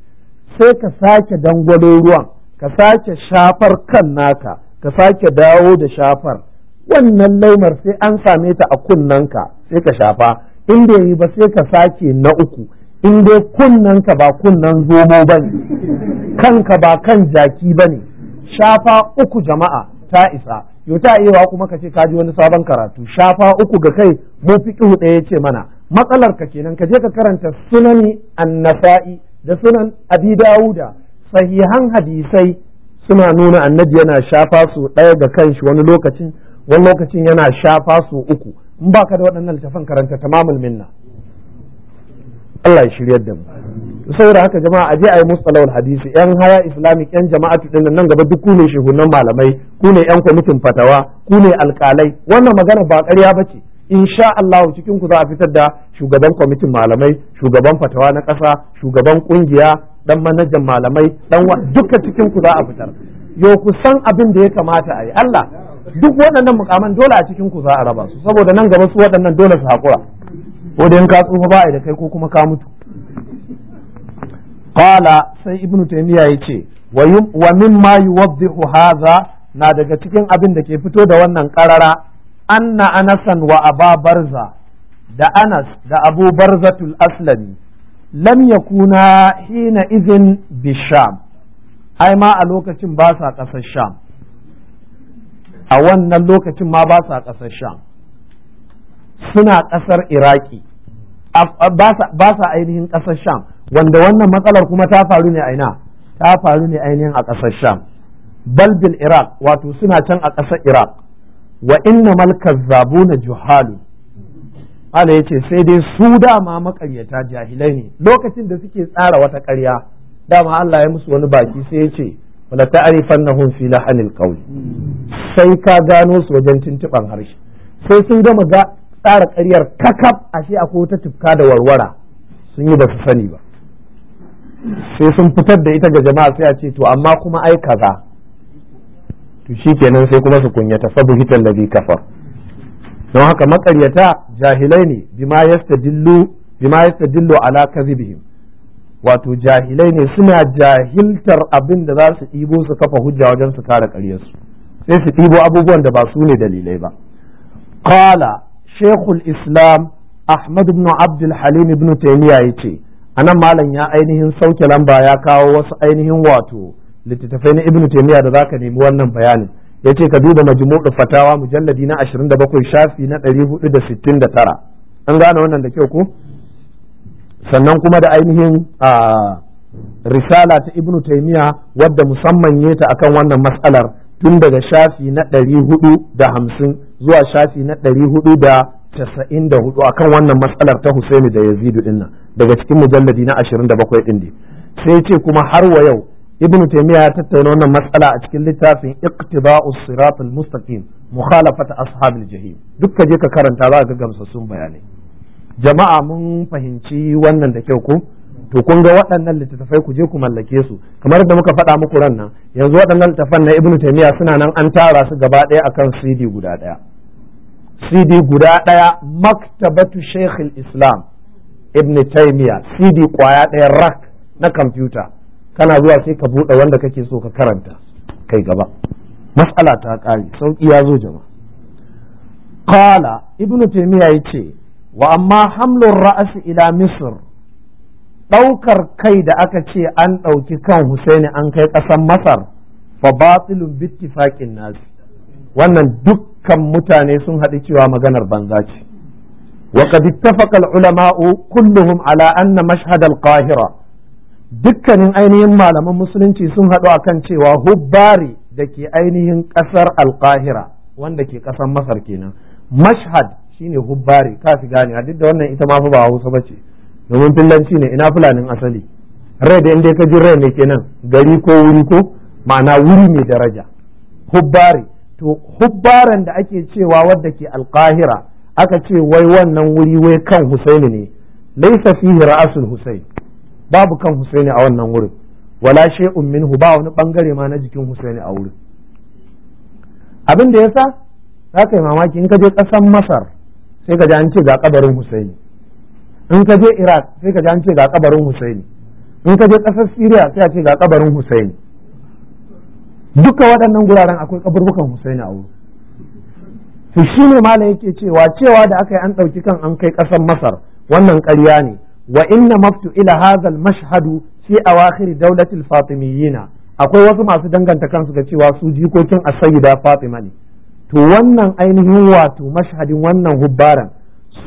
sai ka sake dangwalo ruwan ka sake shafar kan naka ka sake dawo da shafar wannan laimar sai an same ta a kunnanka sai ka shafa in da yi ba sai ka sake na uku in dai kunnanka ba kunnan zomo ba ne kanka ba kan jaki ba ne shafa uku jama'a ta isa yau ta iya kuma ka ce kaji wani sabon karatu shafa uku ga kai mu fiqhu ɗaya ce mana matsalar ka kenan ka je ka karanta sunani annasa'i da sunan abi dauda sahihan hadisai suna nuna annabi yana shafa su ɗaya ga kanshi wani lokacin wani lokacin yana shafa su uku in ba ka da waɗannan littafan karanta tamamul minna Allah ya shiryar da mu saboda haka jama'a aje ayi mustalahul hadisi yan haya islamic yan jama'atu ɗin nan gaba duk ku ne shugunan malamai ku ne yan kwamitin fatawa ku ne alƙalai wannan magana ba ƙarya bace insha Allah cikin ku za a fitar da shugaban kwamitin malamai shugaban fatawa na ƙasa shugaban kungiya dan manajan malamai dan duka cikin ku za a fitar yo ku san abin da ya kamata ayi Allah duk waɗannan mukaman dole a cikin ku za a raba su saboda nan gaba su waɗannan dole su haƙura ko da ka tsufa ba da kai ko kuma ka mutu qala sai ibnu taymiya yace wa mimma yuwaddihu hadha na daga cikin abin da ke fito da wannan karara anna anasan wa aba barza da anas da abu barzatul aslami lam yakuna hina izin bisham ai ma a lokacin ba sa ƙasar sham a wannan lokacin ma ba sa ƙasar sham suna ƙasar iraki ba sa ainihin ƙasar sham wanda wannan matsalar kuma ta faru ne aina ta faru ne ainihin a ƙasar sham balbil iraq wato suna can a ƙasar iraq wa inna malkar zabu na juhalu ala ya ce sai dai su dama makaryata jahilai ne lokacin da suke tsara wata ƙarya dama Allah ya musu wani baki sai ya ce wala ta'rifannahum fi lahanil qawl sai ka gano su wajen tuntuban harshe sai sun gama ga tsara ƙaryar kakaf ashe akwai wata tufka da warwara sun yi ba su sani ba sai sun fitar da ita ga jama'a sai a ce to amma kuma ai kaza to shikenan sai kuma su kunyata sabu hitan ladhi kafar don haka makaryata jahilai ne bima yastadillu bima yastadillu ala kadhibihim wato jahilai ne suna jahiltar abin da za su ɗibo su kafa hujja wajen su kare ƙaryarsu sai su ɗibo abubuwan da ba su ne dalilai ba qala shekul islam ahmad ibn abdul halim ibn taymiya yace anan malam ya ainihin sauke lamba ya kawo wasu ainihin wato littattafai na ibn taymiya da zaka nemi wannan bayanin yace ka duba majmu'u fatawa mujalladi na 27 shafi na 469 an gane wannan da kyau ko sannan kuma da ainihin risala ta ibnu taimiya wadda musamman ta akan wannan matsalar tun daga shafi na ɗari hudu da hamsin zuwa shafi na ɗari hudu da casa'in da hudu akan wannan matsalar ta husaini da yazidu dinnan daga cikin mujalladi na ashirin da bakwai ɗin sai ce kuma har wa yau ibnu taimiya ya tattauna wannan matsala a cikin littafin iqtiba'u sirat mustaqim mukhalafat ashabil jahim duk ka je ka karanta za ka ga gamsassun bayanai jama'a mun fahimci wannan da kyau ko to kun ga waɗannan littattafai ku je ku mallake su kamar da muka faɗa muku ran nan yanzu waɗannan littattafan na ibnu taymiya suna nan an tara su gaba ɗaya akan cd guda ɗaya cd guda ɗaya maktabatu sheikh islam ibnu taymiya cd kwaya ɗaya rak na kwamfuta kana zuwa sai ka buɗe wanda kake so ka karanta kai gaba mas'ala ta ƙare sauƙi ya zo jama'a qala ibnu taymiya yace wa amma hamlun ra'asi ila misir ɗaukar kai da aka ce an ɗauki kan husaini an kai ƙasar masar fa batilun bittifaqin nasi wannan dukkan mutane sun haɗu cewa maganar banza ce wa qad ittafaqa al-ulama'u kulluhum ala anna mashhad al-qahira dukkanin ainihin malaman musulunci sun haɗu akan cewa hubbari da ke ainihin ƙasar alƙahira wanda ke ƙasar masar kenan mashhad shine hubbari ka fi gane a duk da wannan ita ma ba Hausa ba ce domin fillanci ne ina fulanin asali rai da inda ka ji rai ne kenan gari ko wuri ko ma'ana wuri mai daraja hubbari to hubbaran da ake cewa wadda ke Alkahira aka ce wai wannan wuri wai kan Husaini ne laisa fihi ra'asul Husain babu kan Husaini a wannan wurin wala shay'un minhu ba wani bangare ma na jikin Husaini a wurin abin da yasa za ka yi mamaki in ka je ƙasar Masar sai ka ji an ce ga kabarin Husaini in ka je Iraq sai ka ji an ce ga kabarin Husaini in ka je ƙasar Syria sai a ce ga kabarin Husaini duka waɗannan guraren akwai kaburbukan Husaini a wurin to shine malam yake cewa cewa da aka yi an ɗauki kan an kai ƙasar Masar wannan ƙarya ne wa inna maftu ila hadha al-mashhadu fi awakhir dawlati al-fatimiyina akwai wasu masu danganta kansu ga cewa su jikokin as-sayyida Fatima ne to wannan ainihin wato mashahadin wannan hubbaran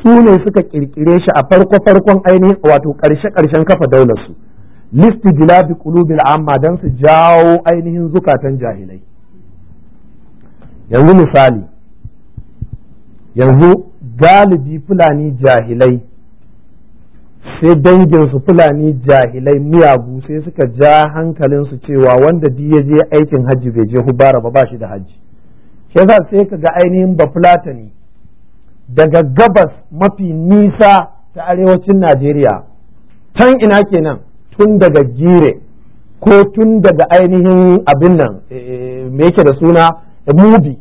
su ne suka kirkire shi a farko farkon ainihin wato karshe karshen kafa daular su listi bi kulubil amma don su jawo ainihin zukatan jahilai yanzu misali yanzu galibi fulani jahilai sai danginsu fulani jahilai miyagu sai suka ja hankalinsu cewa wanda duk ya je aikin hajji bai je hubara ba ba shi da hajji shi yasa sai ka ga ainihin bafulatani daga gabas mafi nisa ta arewacin najeriya can ina kenan tun daga gire ko tun daga ainihin abin nan eh, eh, me yake da suna mubi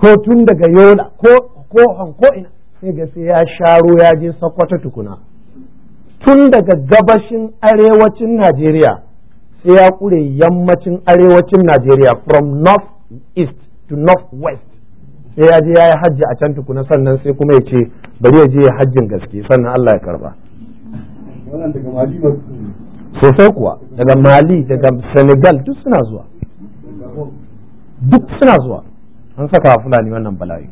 ko tun daga yola ko ko ina sai ga sai ya sharo ya je sakwata tukuna tun daga gabashin arewacin najeriya sai ya kure yammacin arewacin najeriya from north east to north west sai ya je ya yi hajji a can tukuna sannan sai kuma ya ce bari ya je ya hajjin gaske sannan Allah ya karba sosai kuwa daga mali daga senegal duk suna zuwa duk suna zuwa an saka wa fulani wannan bala'i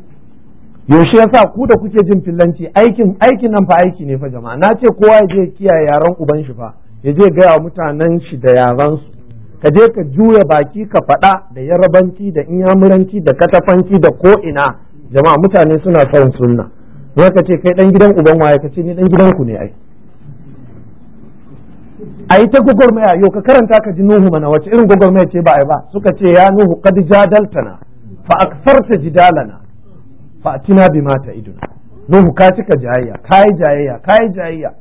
yaushe ya sa ku da kuke jin filanci aikin aikin nan fa aiki ne fa jama'a na ce kowa ya je kiyaye yaran uban shi fa ya je gaya wa mutanen shi da yaran ka je ka juya baki ka faɗa da yarabanci da inyamuranci da katafanci da koina jama'a mutane suna son sunna za ka ce kai dan gidan uban waye ka ce ni dan gidan ku ne ai a yi ta gwagwarmaya yau ka karanta ka ji nuhu mana wace irin gwagwarmaya ce ba a ba suka ce ya nuhu kad jadaltana fa dala jidalana fa atina bima ta iduna nuhu ka cika jayayya kai jayayya kai jayayya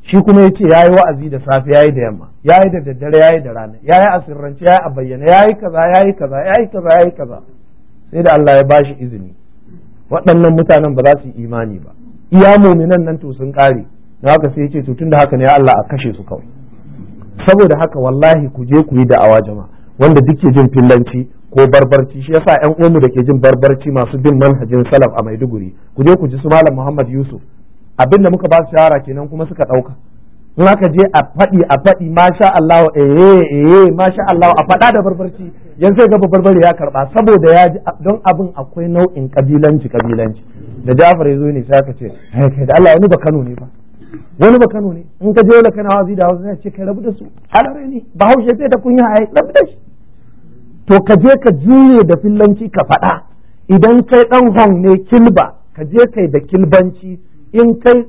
shi kuma ya yace yayi wa'azi da safe yayi da yamma yayi da daddare yayi da rana yayi a sirrance yayi a bayyana yayi kaza yayi kaza yayi kaza yayi kaza sai da Allah ya bashi izini waɗannan mutanen ba za su yi imani ba iya muminan nan to sun kare na haka sai ya ce to da haka ne Allah a kashe su kawai saboda haka wallahi ku je ku yi awa jama'a wanda duk jin fillanci ko barbarci shi yasa ƴan uwanmu da ke jin barbarci masu bin manhajin salaf a Maiduguri ku je ku ji su Malam Muhammad Yusuf abinda muka ba su shawara kenan kuma suka ɗauka in aka je a faɗi a faɗi masha Allah eh eh masha Allah a faɗa da barbarci yanzu ga barbare ya karba saboda ya ji don abin akwai nau'in kabilanci kabilanci da Jafar yazo ne sai aka ce kai da Allah wani ba Kano ba wani ba Kano ne in ka je wala kana wazi da wazi sai ce kai rabu da su alare ne ba haushe sai da kunya ai rabu da shi to ka je ka juye da fillanci ka faɗa idan kai dan hon ne kilba ka je kai da kilbanci in kai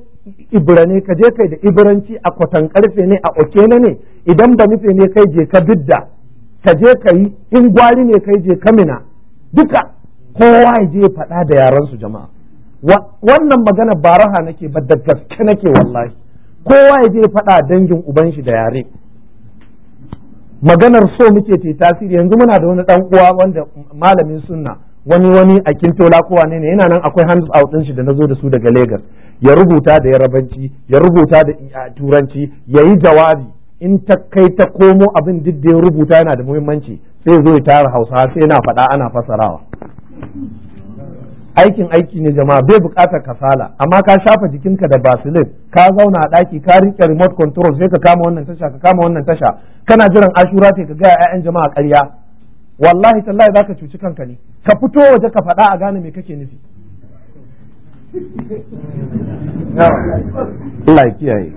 ibra ne ka je kai da ibranci a kwatan karfe ne a na ne idan ba nufe ne kai je ka bidda ka je ka yi in gwari ne kai je ka duka kowa ya je faɗa da yaran su jama'a wannan magana ba raha nake ba da gaske nake wallahi kowa ya je faɗa dangin uban shi da yare maganar so muke ce tasiri yanzu muna da wani dan uwa wanda malamin sunna wani wani a kintola kowa ne yana nan akwai hands out din shi da nazo da su daga Lagos ya rubuta da yarabanci ya rubuta da turanci ya yi jawabi in ta kai ta komo abin duk da ya rubuta yana da muhimmanci sai zo ya tara hausa sai yana faɗa ana fasarawa aikin aiki ne jama'a bai buƙatar kasala amma ka shafa jikinka da basilin ka zauna a ɗaki ka riƙe remote control sai ka kama wannan tasha ka kama wannan tasha kana jiran ashura ce ka gaya 'ya'yan jama'a ƙarya wallahi tallahi ka cuci kanka ne ka fito waje ka faɗa a gane me kake nufi Allah ya kiyaye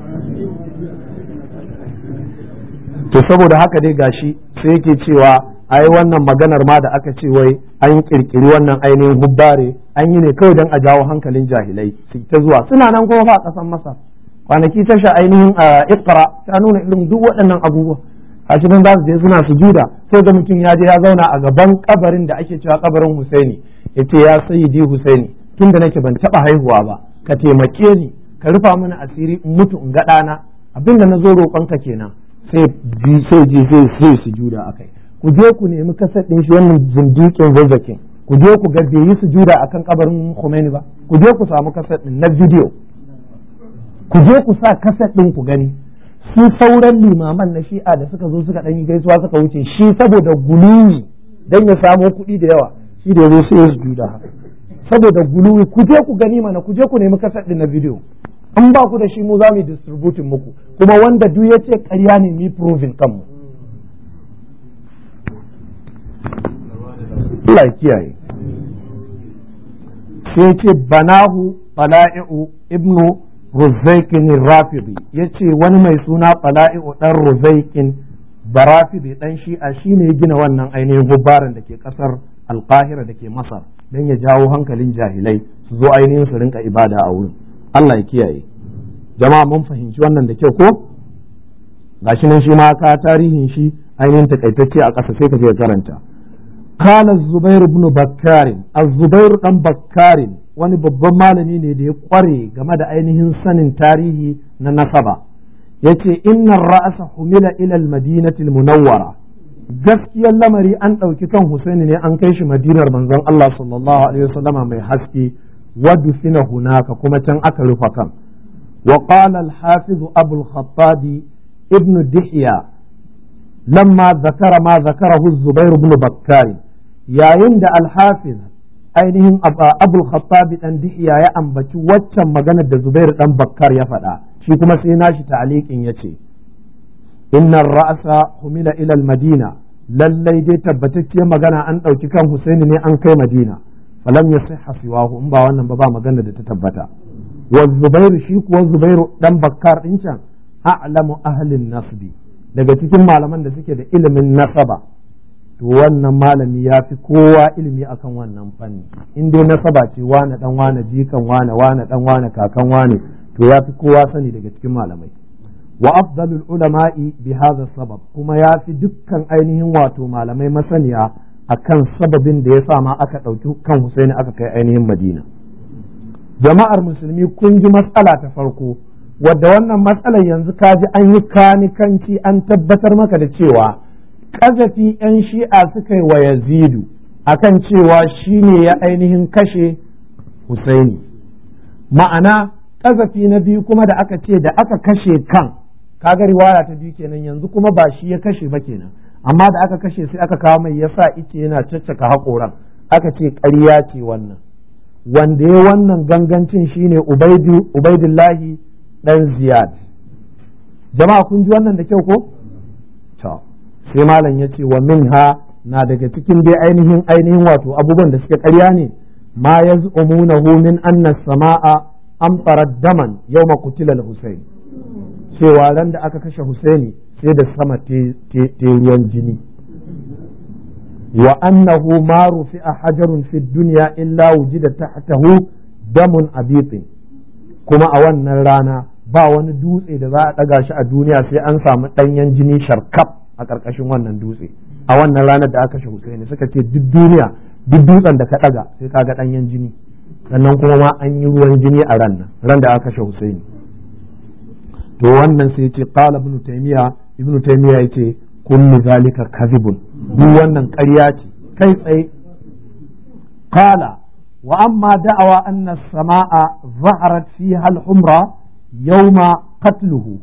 to saboda haka dai gashi sai yake cewa ai wannan maganar ma da aka ce wai an kirkiri wannan ainihin hubbare an yi ne kawai don a jawo hankalin jahilai su ta zuwa suna nan kuma fa a masa kwanaki tasha ainihin a ikra ta nuna irin duk waɗannan abubuwa a cikin za su je suna su sujuda sai da mutum ya je ya zauna a gaban kabarin da ake cewa kabarin husaini ya ce ya sayyidi husaini tun da nake ban taɓa haihuwa ba ka taimake ni ka rufa mana asiri in mutu in ga ɗana abinda na zo roƙonka kenan sai bi sai ji sai sai sujuda akai ku je ku nemi kasar ɗin shi wannan zazzakin ku je ku ga bai yi sujuda akan kabarin Khomeini ba ku je ku samu kasar ɗin na bidiyo ku je ku sa kasar ɗin ku gani su sauran limaman na shi'a da suka zo suka ɗan yi gaisuwa suka wuce shi saboda gulumi dan ya samo kuɗi da yawa shi da ya zo sai ya sujuda haka saboda guluwi ku je ku gani mana ku je ku nemi kasar na bidiyo an ba ku da shi mu za mu distributin muku kuma wanda duk ya ce ƙarya ne mi provin kanmu Allah kiyaye sai ce banahu bala'i'u ibnu ruzaikin rafidi ya ce wani mai suna bala'i'u dan ruzaikin barafidi dan shi'a shi ne gina wannan ainihin gubbaran da ke kasar alkahira da ke masar don ya jawo hankalin jahilai su zo ainihin su rinka ibada a wurin allah ya kiyaye jama'a mun fahimci wannan da kyau ko gashi nan shi ma ka tarihin shi ainihin takaitacce a ƙasa sai ka je karanta kala zubairu bin bakkarin az-zubairu dan bakkarin wani babban malami ne da ya kware game da ainihin sanin tarihi na nasaba yace inna ra'asa humila ila al-madinati al-munawwara gaskiyar lamari an ɗauki kan Husaini ne an kai shi madinar manzon Allah sallallahu alaihi wasallama mai haske wadu hunaka kuma can aka rufa kan wa qala al hafiz abu al khattabi ibn dihya lamma zakara ma zakarahu zubair ibn bakkar yayin da al hafiz ainihin abu al khattabi dan dihya ya ambaci waccan maganar da zubair dan bakkar ya faɗa shi kuma sai nashi ta'liqin yace innan ra'asa humila ilal madina lallai dai tabbatacciyar magana an ɗauki kan husaini ne an kai madina falam ya sai hasiwahu in ba wannan ba ba magana da ta tabbata wa zubairu shi kuwa zubairu dan bakkar din can a'lamu ahlin nasbi daga cikin malaman da suke da ilimin nasaba to wannan malami ya fi kowa ilimi akan wannan fanni in dai nasaba ce wane dan wane jikan wane wane dan wane kakan wane to ya fi kowa sani daga cikin malamai wa afdalul ulama'i bi hadha sabab kuma ya fi dukkan ainihin wato malamai masaniya akan sababin da ya sa ma aka ɗauki kan Husaini aka kai ainihin Madina jama'ar musulmi kun ji matsala ta farko wadda wannan matsalar yanzu ka ji an yi kanikanci an tabbatar maka da cewa ƙazafi 'yan shi'a suka yi wa yazidu akan cewa shi ne ya ainihin kashe Husaini ma'ana ƙazafi na biyu kuma da aka ce da aka kashe kan Ka ga riwaya ta biyu kenan yanzu kuma ba shi ya kashe ba kenan amma da aka kashe sai aka kawo mai yasa ike yana caccaka haƙoran aka ce ƙarya ce wannan wanda ya wannan gangancin shine ubaidillahi dan ziyad jama'a kun ji wannan da kyau ko to sai malam ya ce wa ha na daga cikin dai ainihin ainihin wato abubuwan da suke ƙarya ne ma umunahu min anna sama'a amfarar daman yau makutilal husaini cewa ran da aka kashe Husaini sai da sama ta ruwan jini wa annahu ma a hajarun fi duniya illa da tahtahu damun abitin kuma a wannan rana ba wani dutse da za a ɗaga shi a duniya sai an samu ɗanyen jini sharkaf a ƙarƙashin wannan dutse a wannan ranar da aka kashe Husaini suka ce duk duniya duk dutsen da ka ɗaga sai ka ga ɗanyen jini sannan kuma ma an yi ruwan jini a ran nan ran da aka kashe Husaini to wannan sai yace qala ibnu taymiya ibnu taymiya yace kullu zalika kadhibun duk wannan ƙarya ce kai tsaye qala wa amma da'awa anna as-samaa zaharat fiha al-humra yawma qatluhu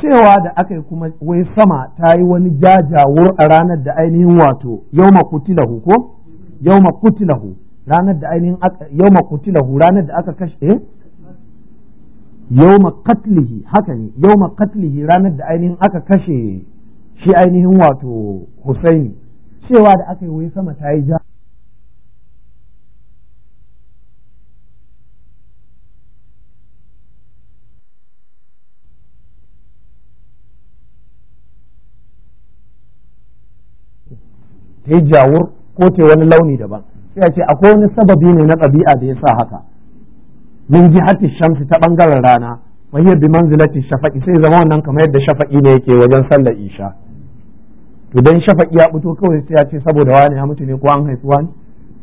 cewa da aka yi kuma wai sama ta yi wani jajawur a ranar da ainihin wato yauma kutilahu ko yauma kutilahu ranar da ainihin yauma kutilahu ranar da aka kashe eh? yawma katlihi haka ne yawma katlihi ranar da ainihin aka kashe shi ainihin wato Husaini cewa da aka yi wai sama ta yi ja ta yi jawur ko ta wani launi daban sai a ce akwai wani sababi ne na ɗabi'a da ya sa haka min jihati shamsi ta bangaren rana wa hiya bi manzilati shafaqi sai zama wannan kamar yadda shafaqi ne yake wajen sallar isha to dan shafaqi ya fito kawai sai ya ce saboda wani ya mutu ne ko an haifi wani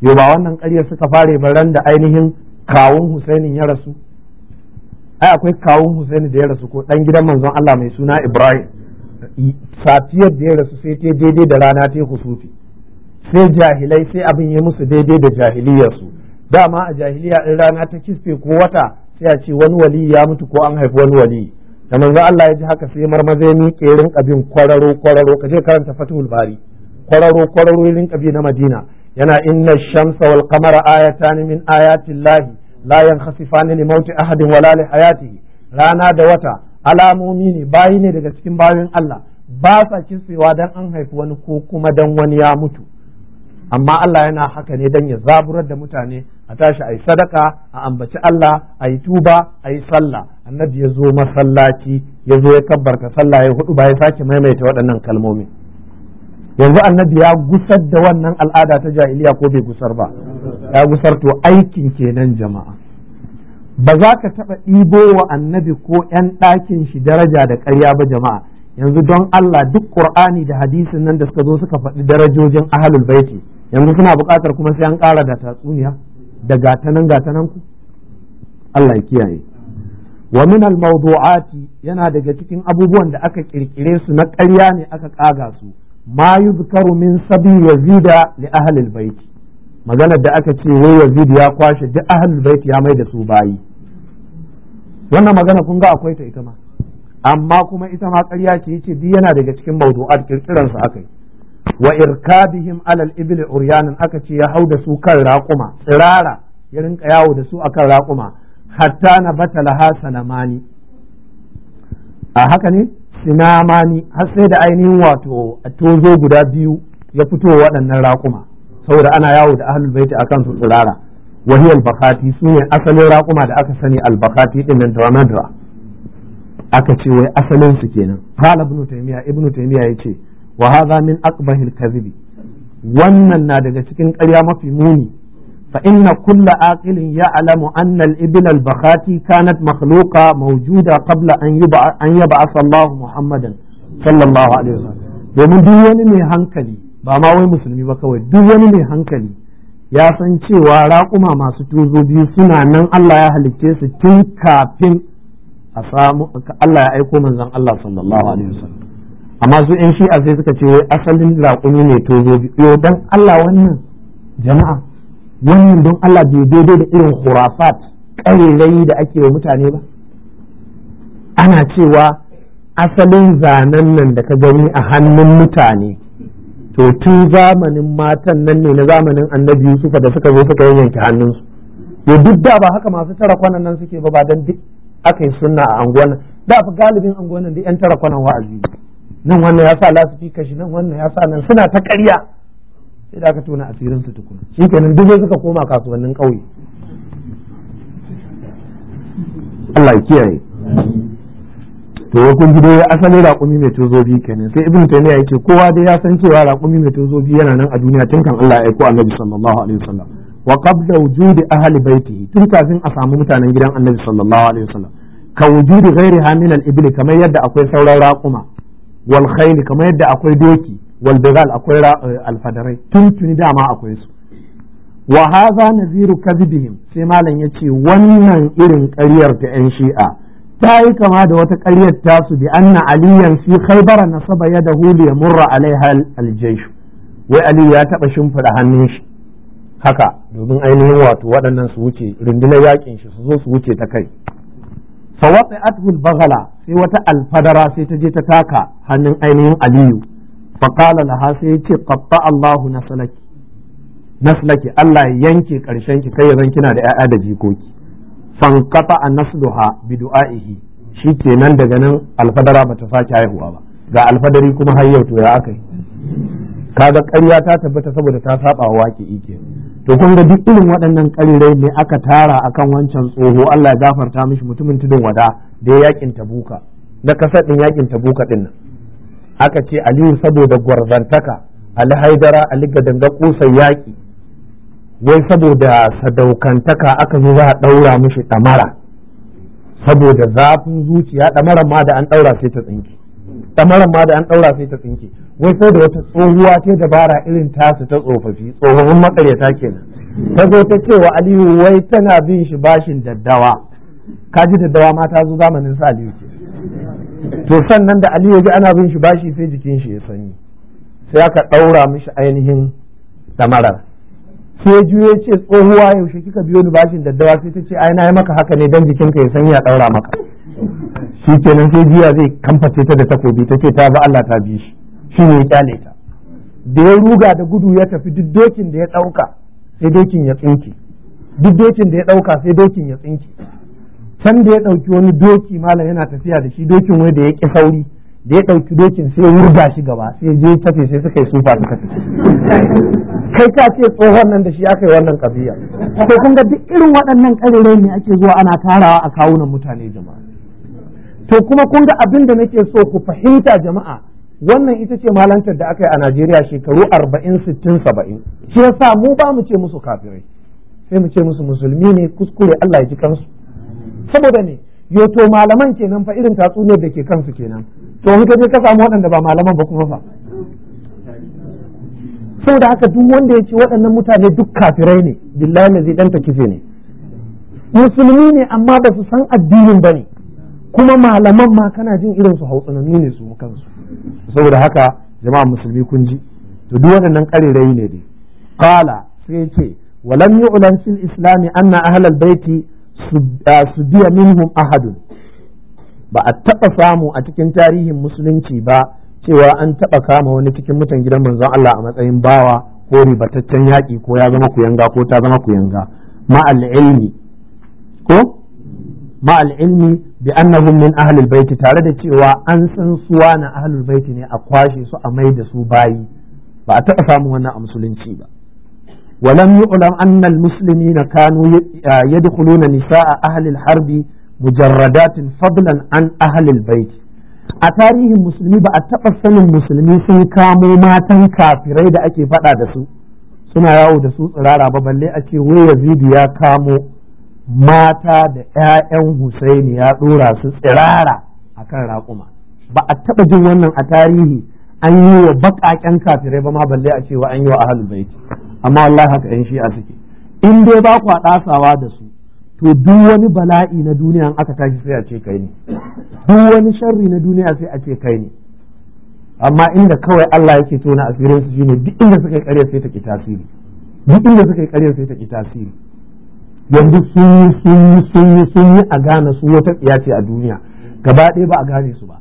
yo ba wannan ƙarya suka fare ba ran da ainihin kawun Husainin ya rasu ai akwai kawun Husaini da ya rasu ko dan gidan manzon Allah mai suna Ibrahim safiyar da ya rasu sai ta daidai da rana ta kusufi sai jahilai sai abin ya musu daidai da jahiliyarsu dama a jahiliya in rana ta kisfe ko wata sai a ce wani wali ya mutu ko an haifi wani wali da manzo Allah ya ji haka sai marmaza ni miƙe rinka bin kwararo kwararo ka je karanta fatihul bari kwararo kwararo rinka bi na Madina yana inna shamsa wal qamara ayatan min ayati llahi la yanhasifani li mauti ahadin wala li hayatihi rana da wata alamomi ne bayi ne daga cikin bayin Allah ba sa kiswewa dan an haifi wani ko kuma dan wani ya mutu amma Allah yana haka ne dan ya zaburar da mutane a tashi a yi sadaka a ambaci Allah a yi tuba a yi sallah annabi ya zo masallaci ya zo ya kabbarka sallah ya hudu ba sake maimaita waɗannan kalmomi yanzu annabi ya gusar da wannan al'ada ta jahiliya ko bai gusar ba ya gusar to aikin kenan jama'a ba za ka taɓa ɗibo wa annabi ko 'yan ɗakin shi daraja da ƙarya ba jama'a yanzu don Allah duk ƙur'ani da hadisin nan da suka zo suka faɗi darajojin ahlul baiti yanzu suna buƙatar kuma sai an ƙara da tatsuniya da gatanan gatanan ku Allah ya kiyaye wa min al yana daga cikin abubuwan da aka kirkire su na ƙarya ne aka kaga su ma yuzkaru min sabi yazida li ahli al bayt maganar da aka ce wai yazid ya kwashe duk ahli al bait ya mai da su bayi wannan magana kun ga akwai ta ita ma amma kuma ita ma ƙarya ce yace duk yana daga cikin mawdu'at kirkiran su aka wa irkabihim alal ibli uryanin aka ce ya hau da su kan raƙuma tsirara ya rinka yawo da su akan raƙuma hatta na batala hasanamani sanamani a haka ne sinamani har sai da ainihin wato a tozo guda biyu ya fito waɗannan raƙuma saboda ana yawo da ahlul baiti akan su tsirara asalin raƙuma da aka sani al-bakhati سني البخاتي إن درامدرا أكا wai asalin su kenan. ابن taymiya ibnu taymiya yace wa hadha min aqbahil kadhibi wannan na daga cikin karya mafi muni fa inna kulla aqilin ya'lamu anna al-ibla al-bakhati kanat makhluqa mawjuda qabla an yub'a an Muhammadan sallallahu alaihi wasallam domin duk wani mai hankali ba ma wai musulmi ba kawai duk wani mai hankali ya san cewa raƙuma masu tozo biyu suna nan Allah ya halicce su tun kafin a samu Allah ya aiko manzon Allah sallallahu alaihi wasallam amma su in shi'a sai suka ce wai asalin raƙumi ne to zo biyo don Allah wannan jama'a wannan don Allah bai daidai da irin khurafat ƙarerayi da ake wa mutane ba ana cewa asalin zanen nan da ka gani a hannun mutane to tun zamanin matan nan ne na zamanin annabi yusufa da suka zo suka yanke hannunsu ya duk da ba haka masu tara kwanan nan suke ba ba don duk aka yi sunna a anguwan da fi galibin anguwan nan duk yan tara kwanan wa'azi nan wannan ya sa lasifika kashi nan wannan ya sa nan suna ta ƙarya sai da aka tona asirin su tukuna kenan duk sai suka koma kasuwannin ƙauye Allah ya kiyaye to kun ji dai asalin raƙumi mai tozobi kenan sai ibn taymiya yake kowa dai ya san cewa raƙumi mai tozobi yana nan a duniya tun kan Allah ya aiko annabi sallallahu alaihi wasallam wa qabla wujudi ahli baitihi tun kafin a samu mutanen gidan annabi sallallahu alaihi wasallam ka wujudi ghairi hamilan ibli kamar yadda akwai sauran raƙuma wal kamar yadda akwai doki wal akwai eh, alfadarai tuntuni dama akwai su wa hadha naziru kadhibihim sai malam yace wannan irin ƙaryar ta yan shi'a ta yi kama da wata ƙaryar tasu bi anna aliyan fi khaybara nasaba yadahu li yamurra alaiha aljaysh wai aliyu ya taɓa shimfida hannun shi haka domin ainihin wato waɗannan su wuce rundunar yakin shi su zo su wuce ta kai fa waqa'athu baghala sai wata alfadara sai ta je ta taka hannun ainihin aliyu fa laha sai yace qatta Allahu nasalaki naslaki Allah ya yanke karshen ki kai zan kina da 'ya'ya da jikoki fanqata an nasluha bi du'aihi shikenan daga nan alfadara bata sake haihuwa ba ga alfadari kuma har yau to ya akai kaga ƙarya ta tabbata saboda ta saba wa waƙi ke to kun ga duk irin waɗannan ƙarirai ne aka tara akan wancan tsoho Allah ya gafarta mishi mutumin tudun wada da ya yakin tabuka na kasar din yakin tabuka din nan aka ce Aliyu saboda gwarzantaka Ali Haidara Ali Gadanga kusan yaƙi, wai saboda sadaukantaka aka zo za a ɗaura mishi ɗamara saboda zafin zuciya ɗamarar ma da an ɗaura sai ta tsinke ma da an ɗaura sai ta tsinki wai sai da wata tsohuwa ce dabara irin tasu ta tsofaffi tsofaffin makaryata kenan ta zo ta ce wa aliyu wai tana bin shi bashin daddawa Ka ji daddawa ma ta zo zamanin sa aliyu ke to sannan da aliyu ji ana bin shi bashi sai jikin shi ya sanyi sai aka ɗaura mishi ainihin damarar sai juya ce tsohuwa yaushe kika biyo ni bashin daddawa sai ta ce ai na yi maka haka ne dan jikinka ya sanyi a ɗaura maka shi kenan sai jiya zai kamface ta da takobi ta ce ta ba Allah ta bi shi shi ne ya kyale ta da ya ruga da gudu ya tafi duk dokin da ya ɗauka sai dokin ya tsinke duk dokin da ya ɗauka sai dokin ya tsinke can da ya ɗauki wani doki malam yana tafiya da shi dokin wai da ya ƙi sauri da ya ɗauki dokin sai wurga shi gaba sai je tafe sai suka yi sufa suka tafi kai ka ce tsohon nan da shi aka yi wannan kabiya to kun ga duk irin waɗannan ƙarirai ne ake zuwa ana tarawa a kawunan mutane jama'a to kuma kun ga abin da nake so ku fahimta jama'a wannan ita ce malantar da aka yi a Najeriya shekaru arba'in sittin saba'in shi sa mu ba mu ce musu kafirai sai mu ce musu musulmi ne kuskure Allah ya ji kansu saboda ne yoto malaman kenan fa irin tatsuniyar da ke kansu kenan to in ka je ka samu waɗanda ba malaman ba kuma fa saboda haka duk wanda ya ce waɗannan mutane duk kafirai ne billahi na zai ta kife ne musulmi ne amma ba su san addinin ba ne kuma malaman ma kana jin irin su hautsanannu ne su kansu saboda haka jama'a musulmi kun ji to duk waɗannan ƙarirai ne dai qala sai ce walam yu'lan fil islam anna ahlal baiti ah, subiya minhum ahadun ba a taba samu a cikin tarihin musulunci ba cewa an taba kama wani cikin mutan gidan manzon Allah a matsayin bawa ko ribataccen yaƙi ko ya zama kuyanga ko ta zama kuyanga ma'al ilmi ko ma'al al'ilmi bi annahum min ahlul baiti tare da cewa an san suwa na ahlul baiti ne a kwashe su a mai da su bayi ba a taɓa samun wannan a musulunci ba musulmi na أن المسلمين كانوا يدخلون نساء أهل الحرب مجردات فضلا عن أهل البيت a tarihin musulmi ba a taɓa sanin musulmi sun kamo matan kafirai da ake faɗa da su suna yawo da su tsirara ba balle a ce wai yazidu ya kamo mata da 'ya'yan Husaini ya ɗora su tsirara a kan raƙuma ba a taɓa jin wannan a tarihi an yi wa baƙaƙen kafirai ba ma balle a cewa an yi wa ahalul baiti amma wallahi haka yan shi'a suke in dai ba ku ɗasawa da su to duk wani bala'i na duniya aka tashi sai a ce kai ne duk wani sharri na duniya sai a ce kai ne amma inda kawai Allah yake tona asirin su shine duk inda suka yi ƙarya sai ta ki tasiri duk inda suka yi ƙarya sai ta ki tasiri yanzu sun yi sun yi sun yi sun yi a gane su wata tsiya ce a duniya gaba ɗaya ba a gane su ba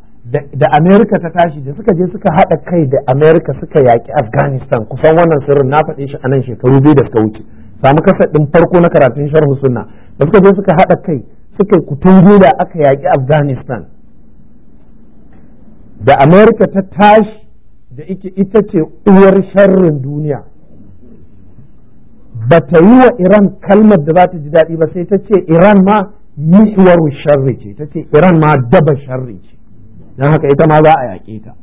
da amerika ta tashi da suka je suka haɗa kai da amerika suka yaƙi afghanistan kusan wannan sirrin na faɗe shi a nan shekaru biyu da suka wuce samu kasar ɗin farko na karatun sharhu sunna da suka je suka haɗa kai suka kutun da aka yaƙi afghanistan da amerika ta tashi da ita ce uwar sharrin duniya ba ta yi wa Iran kalmar da za ta ji daɗi ba sai ta ce Iran ma mihwaru sharri ce ta ce Iran ma daba sharri ce don haka ita ma za a yaƙe ta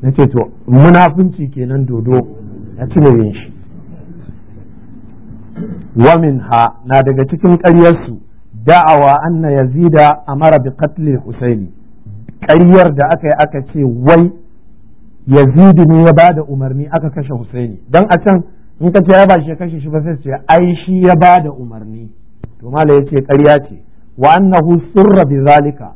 na ce to munafunci kenan dodo na cire yin shi wamin ha na daga cikin ƙaryarsu da'awa anna yazida amara bi qatl husaini ƙaryar da aka yi aka ce wai yazidu ne ya ba da umarni aka kashe husaini don a can in ka ce ya ba shi ya kashe shi ba sai ce ai shi ya ba da umarni to malai yace ƙarya ce wa annahu sirra bi zalika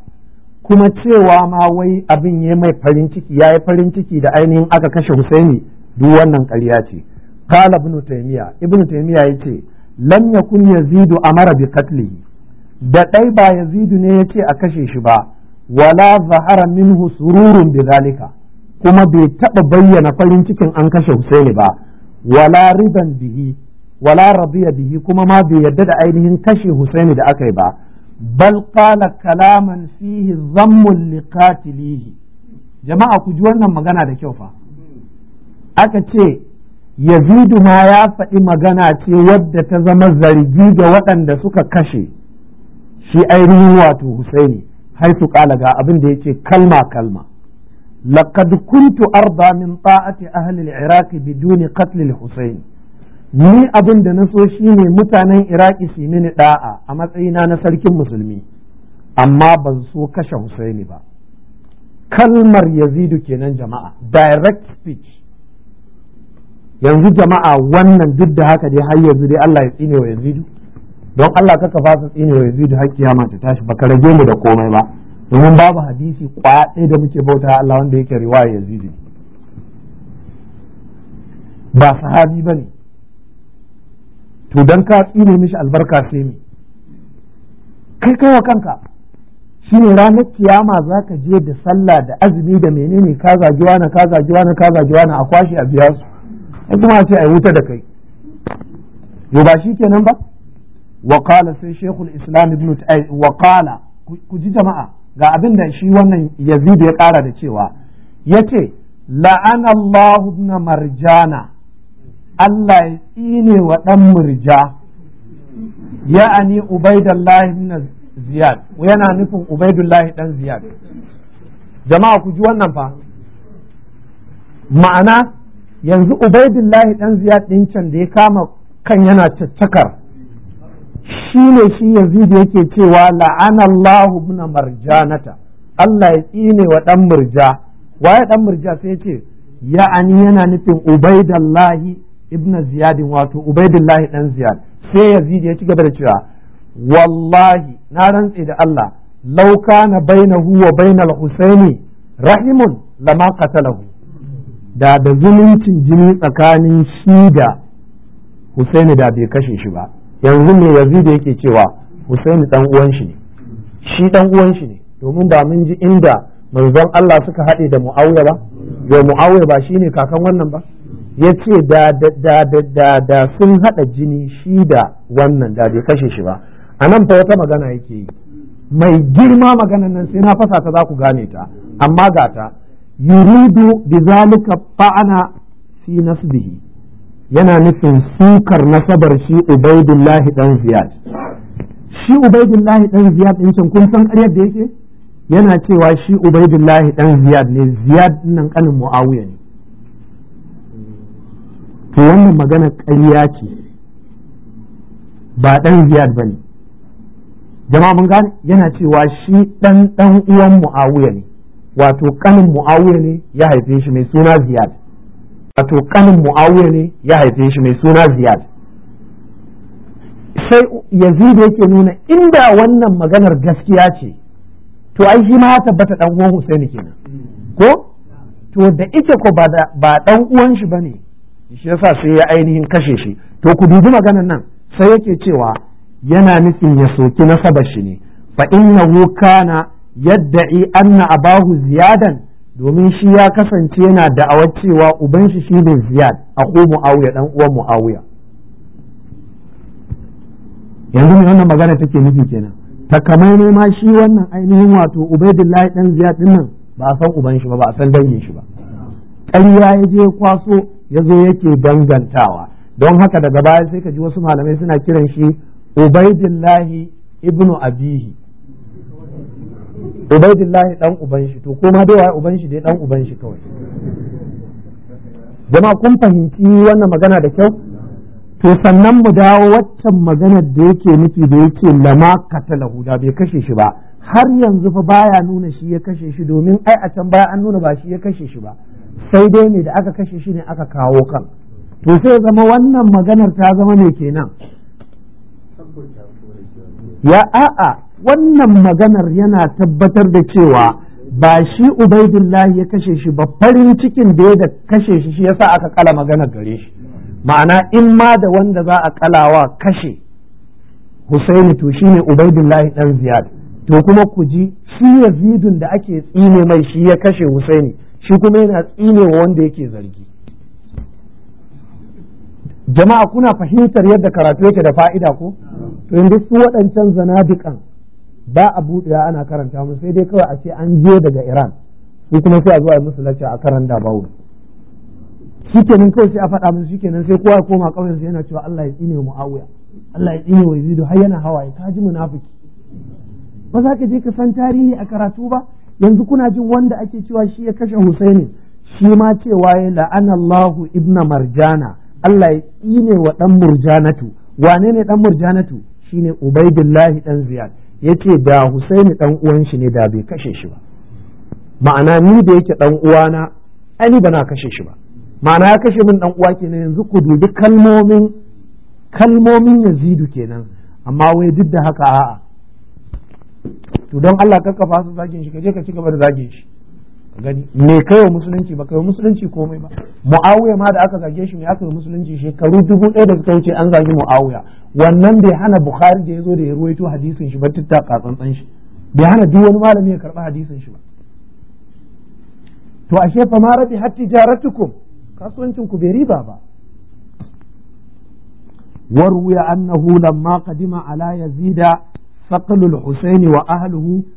kuma cewa ma wai abin ya mai farin ciki ya yi farin ciki da ainihin aka kashe Husaini duk wannan ƙarya ce qala ibn taymiya ibn taymiya yace lam yakun yazidu amara bi qatlihi da dai ba yazidu ne yace a kashe shi ba wala zahara minhu sururun bi zalika kuma bai taba bayyana farin cikin an kashe Husaini ba wala riban bihi wala radiya bihi kuma ma bai yarda da ainihin kashe Husaini da aka yi ba bal qala kalaman fihi zammun liqatilihi jama'a ku ji wannan magana da kyau fa aka ce yazidu ma ya faɗi magana ce wadda ta zama zargi ga waɗanda suka kashe shi ainihin wato Husaini haitu su ga abin da ya ce kalma kalma لقد كنت أرضى من طاعة أهل العراق بدون قتل الحسين ni abin da na so shi ne mutanen iraki su mini da'a a matsayina na sarkin musulmi amma ban so kashe husaini ba kalmar yazidu kenan jama'a direct speech yanzu jama'a wannan duk da haka dai har yanzu dai Allah ya tsine wa yazidu don Allah kaka fasa tsine wa yazidu har kiyama ta tashi baka rage mu da komai ba domin babu hadisi kwaɗe da muke bauta Allah wanda yake riwaya yazidi ba sahabi bane to don ka tsine mishi albarka sai ne kai kawa kanka shine ranar kiyama za ka je da sallah da azumi da menene ka zagi wani ka zagi wani ka zagi wani a kwashe a biya su in kuma a ce a yi wuta da kai yau ba shi kenan ba wa sai shekul islam ibn wa ku ji jama'a ga abin da shi wannan yazid ya kara da cewa ya ce la'anallahu na marjana Allah ya tsine wa ɗan murja ya'ani ubaidallahi na ziyad yana nufin ubaidullahi ɗan ziyad jama'a ku ji wannan fa ma'ana yanzu ubaidullahi ɗan ziyad ɗin can da ya kama kan yana caccakar shi ne shi da yake cewa la'ana Allah ibn marjanata Allah ya tsine wa dan murja waye dan murja sai yace ya'ani yana nufin ubaidallahi ibn ziyad wato Ubaidullahi dan ziyad sai yazid ya ci gaba da cewa wallahi na rantse da Allah law kana bainahu huwa bainal husaini rahimun lama qatalahu da da zumuncin jini tsakanin shi da Husaini da bai kashe shi ba yanzu me da yake cewa husaini dan uwan shi ne shi dan uwan shi ne domin ba mun ji inda manzon Allah suka haɗe da muawiya ba yo muawiya ba shine kakan wannan ba ya ce da da da da sun haɗa jini shi da wannan da bai kashe shi ba anan fa wata magana yake yi mai girma maganan nan sai na fasa ta za ku gane ta amma ga ta yuridu bizalika fa'ana fi nasbihi yana nufin sukar nasabar shi ubaidullahi dan ziyad shi ubaidullahi dan ziyad din can kun san ƙaryar da yake yana cewa shi ubaidullahi dan ziyad ne ziyad nan kanin muawiya ne to wannan magana ƙarya ce ba dan ziyad bane jama'a mun gane yana cewa shi dan dan uwan muawiya ne wato kanin muawiya ne ya haife shi mai suna ziyad wato kanin muawiya ne ya haife shi mai suna ziyad sai yazid yake nuna inda wannan maganar gaskiya ce to ai shi ma ya tabbata dan uwan husaini kenan ko to da ita ko ba ba dan uwan shi bane shi yasa sai ya ainihin kashe shi to ku dubi maganar nan sai yake cewa yana nufin ya soki nasabar shi ne fa innahu kana yadda'i anna abahu ziyadan domin shi ya kasance yana da'awar cewa uban shi shine ziyad ko muawiya dan uwan muawiya yanzu mai wannan magana take nufi kenan takamaimai ma shi wannan ainihin wato Ubaidullahi dan ziyad din nan ba a san uban shi ba ba a san dangin shi ba ƙarya ya je kwaso ya zo yake dangantawa don haka daga baya sai ka ji wasu malamai suna kiran shi Ubaidullahi ibnu abihi ubaidillahi dan uban shi to kuma dai wai uban shi dai dan uban shi kawai jama'a kun fahimci wannan magana da kyau to sannan mu dawo waccan maganar da yake nufi da yake lama katala huda bai kashe shi ba har yanzu fa baya nuna shi ya kashe shi domin ai a can baya an nuna ba shi ya kashe shi ba sai dai ne da aka kashe shi ne aka kawo kan to sai zama wannan maganar ta zama ne kenan ya a'a wannan maganar yana tabbatar da cewa ba shi ubaidullahi ya kashe shi ba farin cikin da ya da kashe shi shi yasa aka kala maganar gare shi ma'ana in ma da wanda za a kalawa kashe Husaini to shi shine ubaidullahi ɗan ziyad to kuma ku ji shi yazidun da ake tsine mai shi ya kashe Husaini shi kuma yana tsine wa wanda yake zargi jama'a kuna fahimtar yadda karatu yake da fa'ida ko to yanzu su waɗancan zanadikan ba a buɗewa ana karanta musu sai dai kawai a ce an je daga iran su kuma sai a zuwa musu lacca a karan da shi kenan kawai sai a faɗa musu kenan sai kowa koma ƙauyen sai yana cewa Allah ya tsine muawiya Allah ya tsine wa yazidu har yana hawaye ka ji munafiki ba za ka je ka san tarihi a karatu ba yanzu kuna jin wanda ake cewa shi ya kashe Husaini shi ma cewa ya la'ana Allahu ibna marjana Allah ya tsine wa dan murjanatu wane ne dan murjanatu shine Ubaidullahi dan Ziyad yace da Husaini dan uwan shi ne da bai kashe shi ba ma'ana ni da yake dan uwana ani na kashe shi ba ma'ana ya kashe min dan uwa kenan yanzu ku dubi kalmomin kalmomin Yazidu kenan amma wai duk da haka a'a to don Allah kakkafa su zagin shi kaje ka ci gaba da zagin shi gani me kai wa musulunci ba kai musulunci komai ba muawiya ma da aka zage shi ne aka yi musulunci shekaru dubu ɗaya da suka wuce an zagi muawiya wannan bai hana bukhari da ya zo da ya ruwaito hadisin shi ba tattaka katsantsan shi bai hana duk wani malami ya karba hadisin shi ba to ashe fa ma rabi har jaratukum kasuwancin ku bai riba ba وروي أنه لما قدم على يزيد ثقل wa وأهله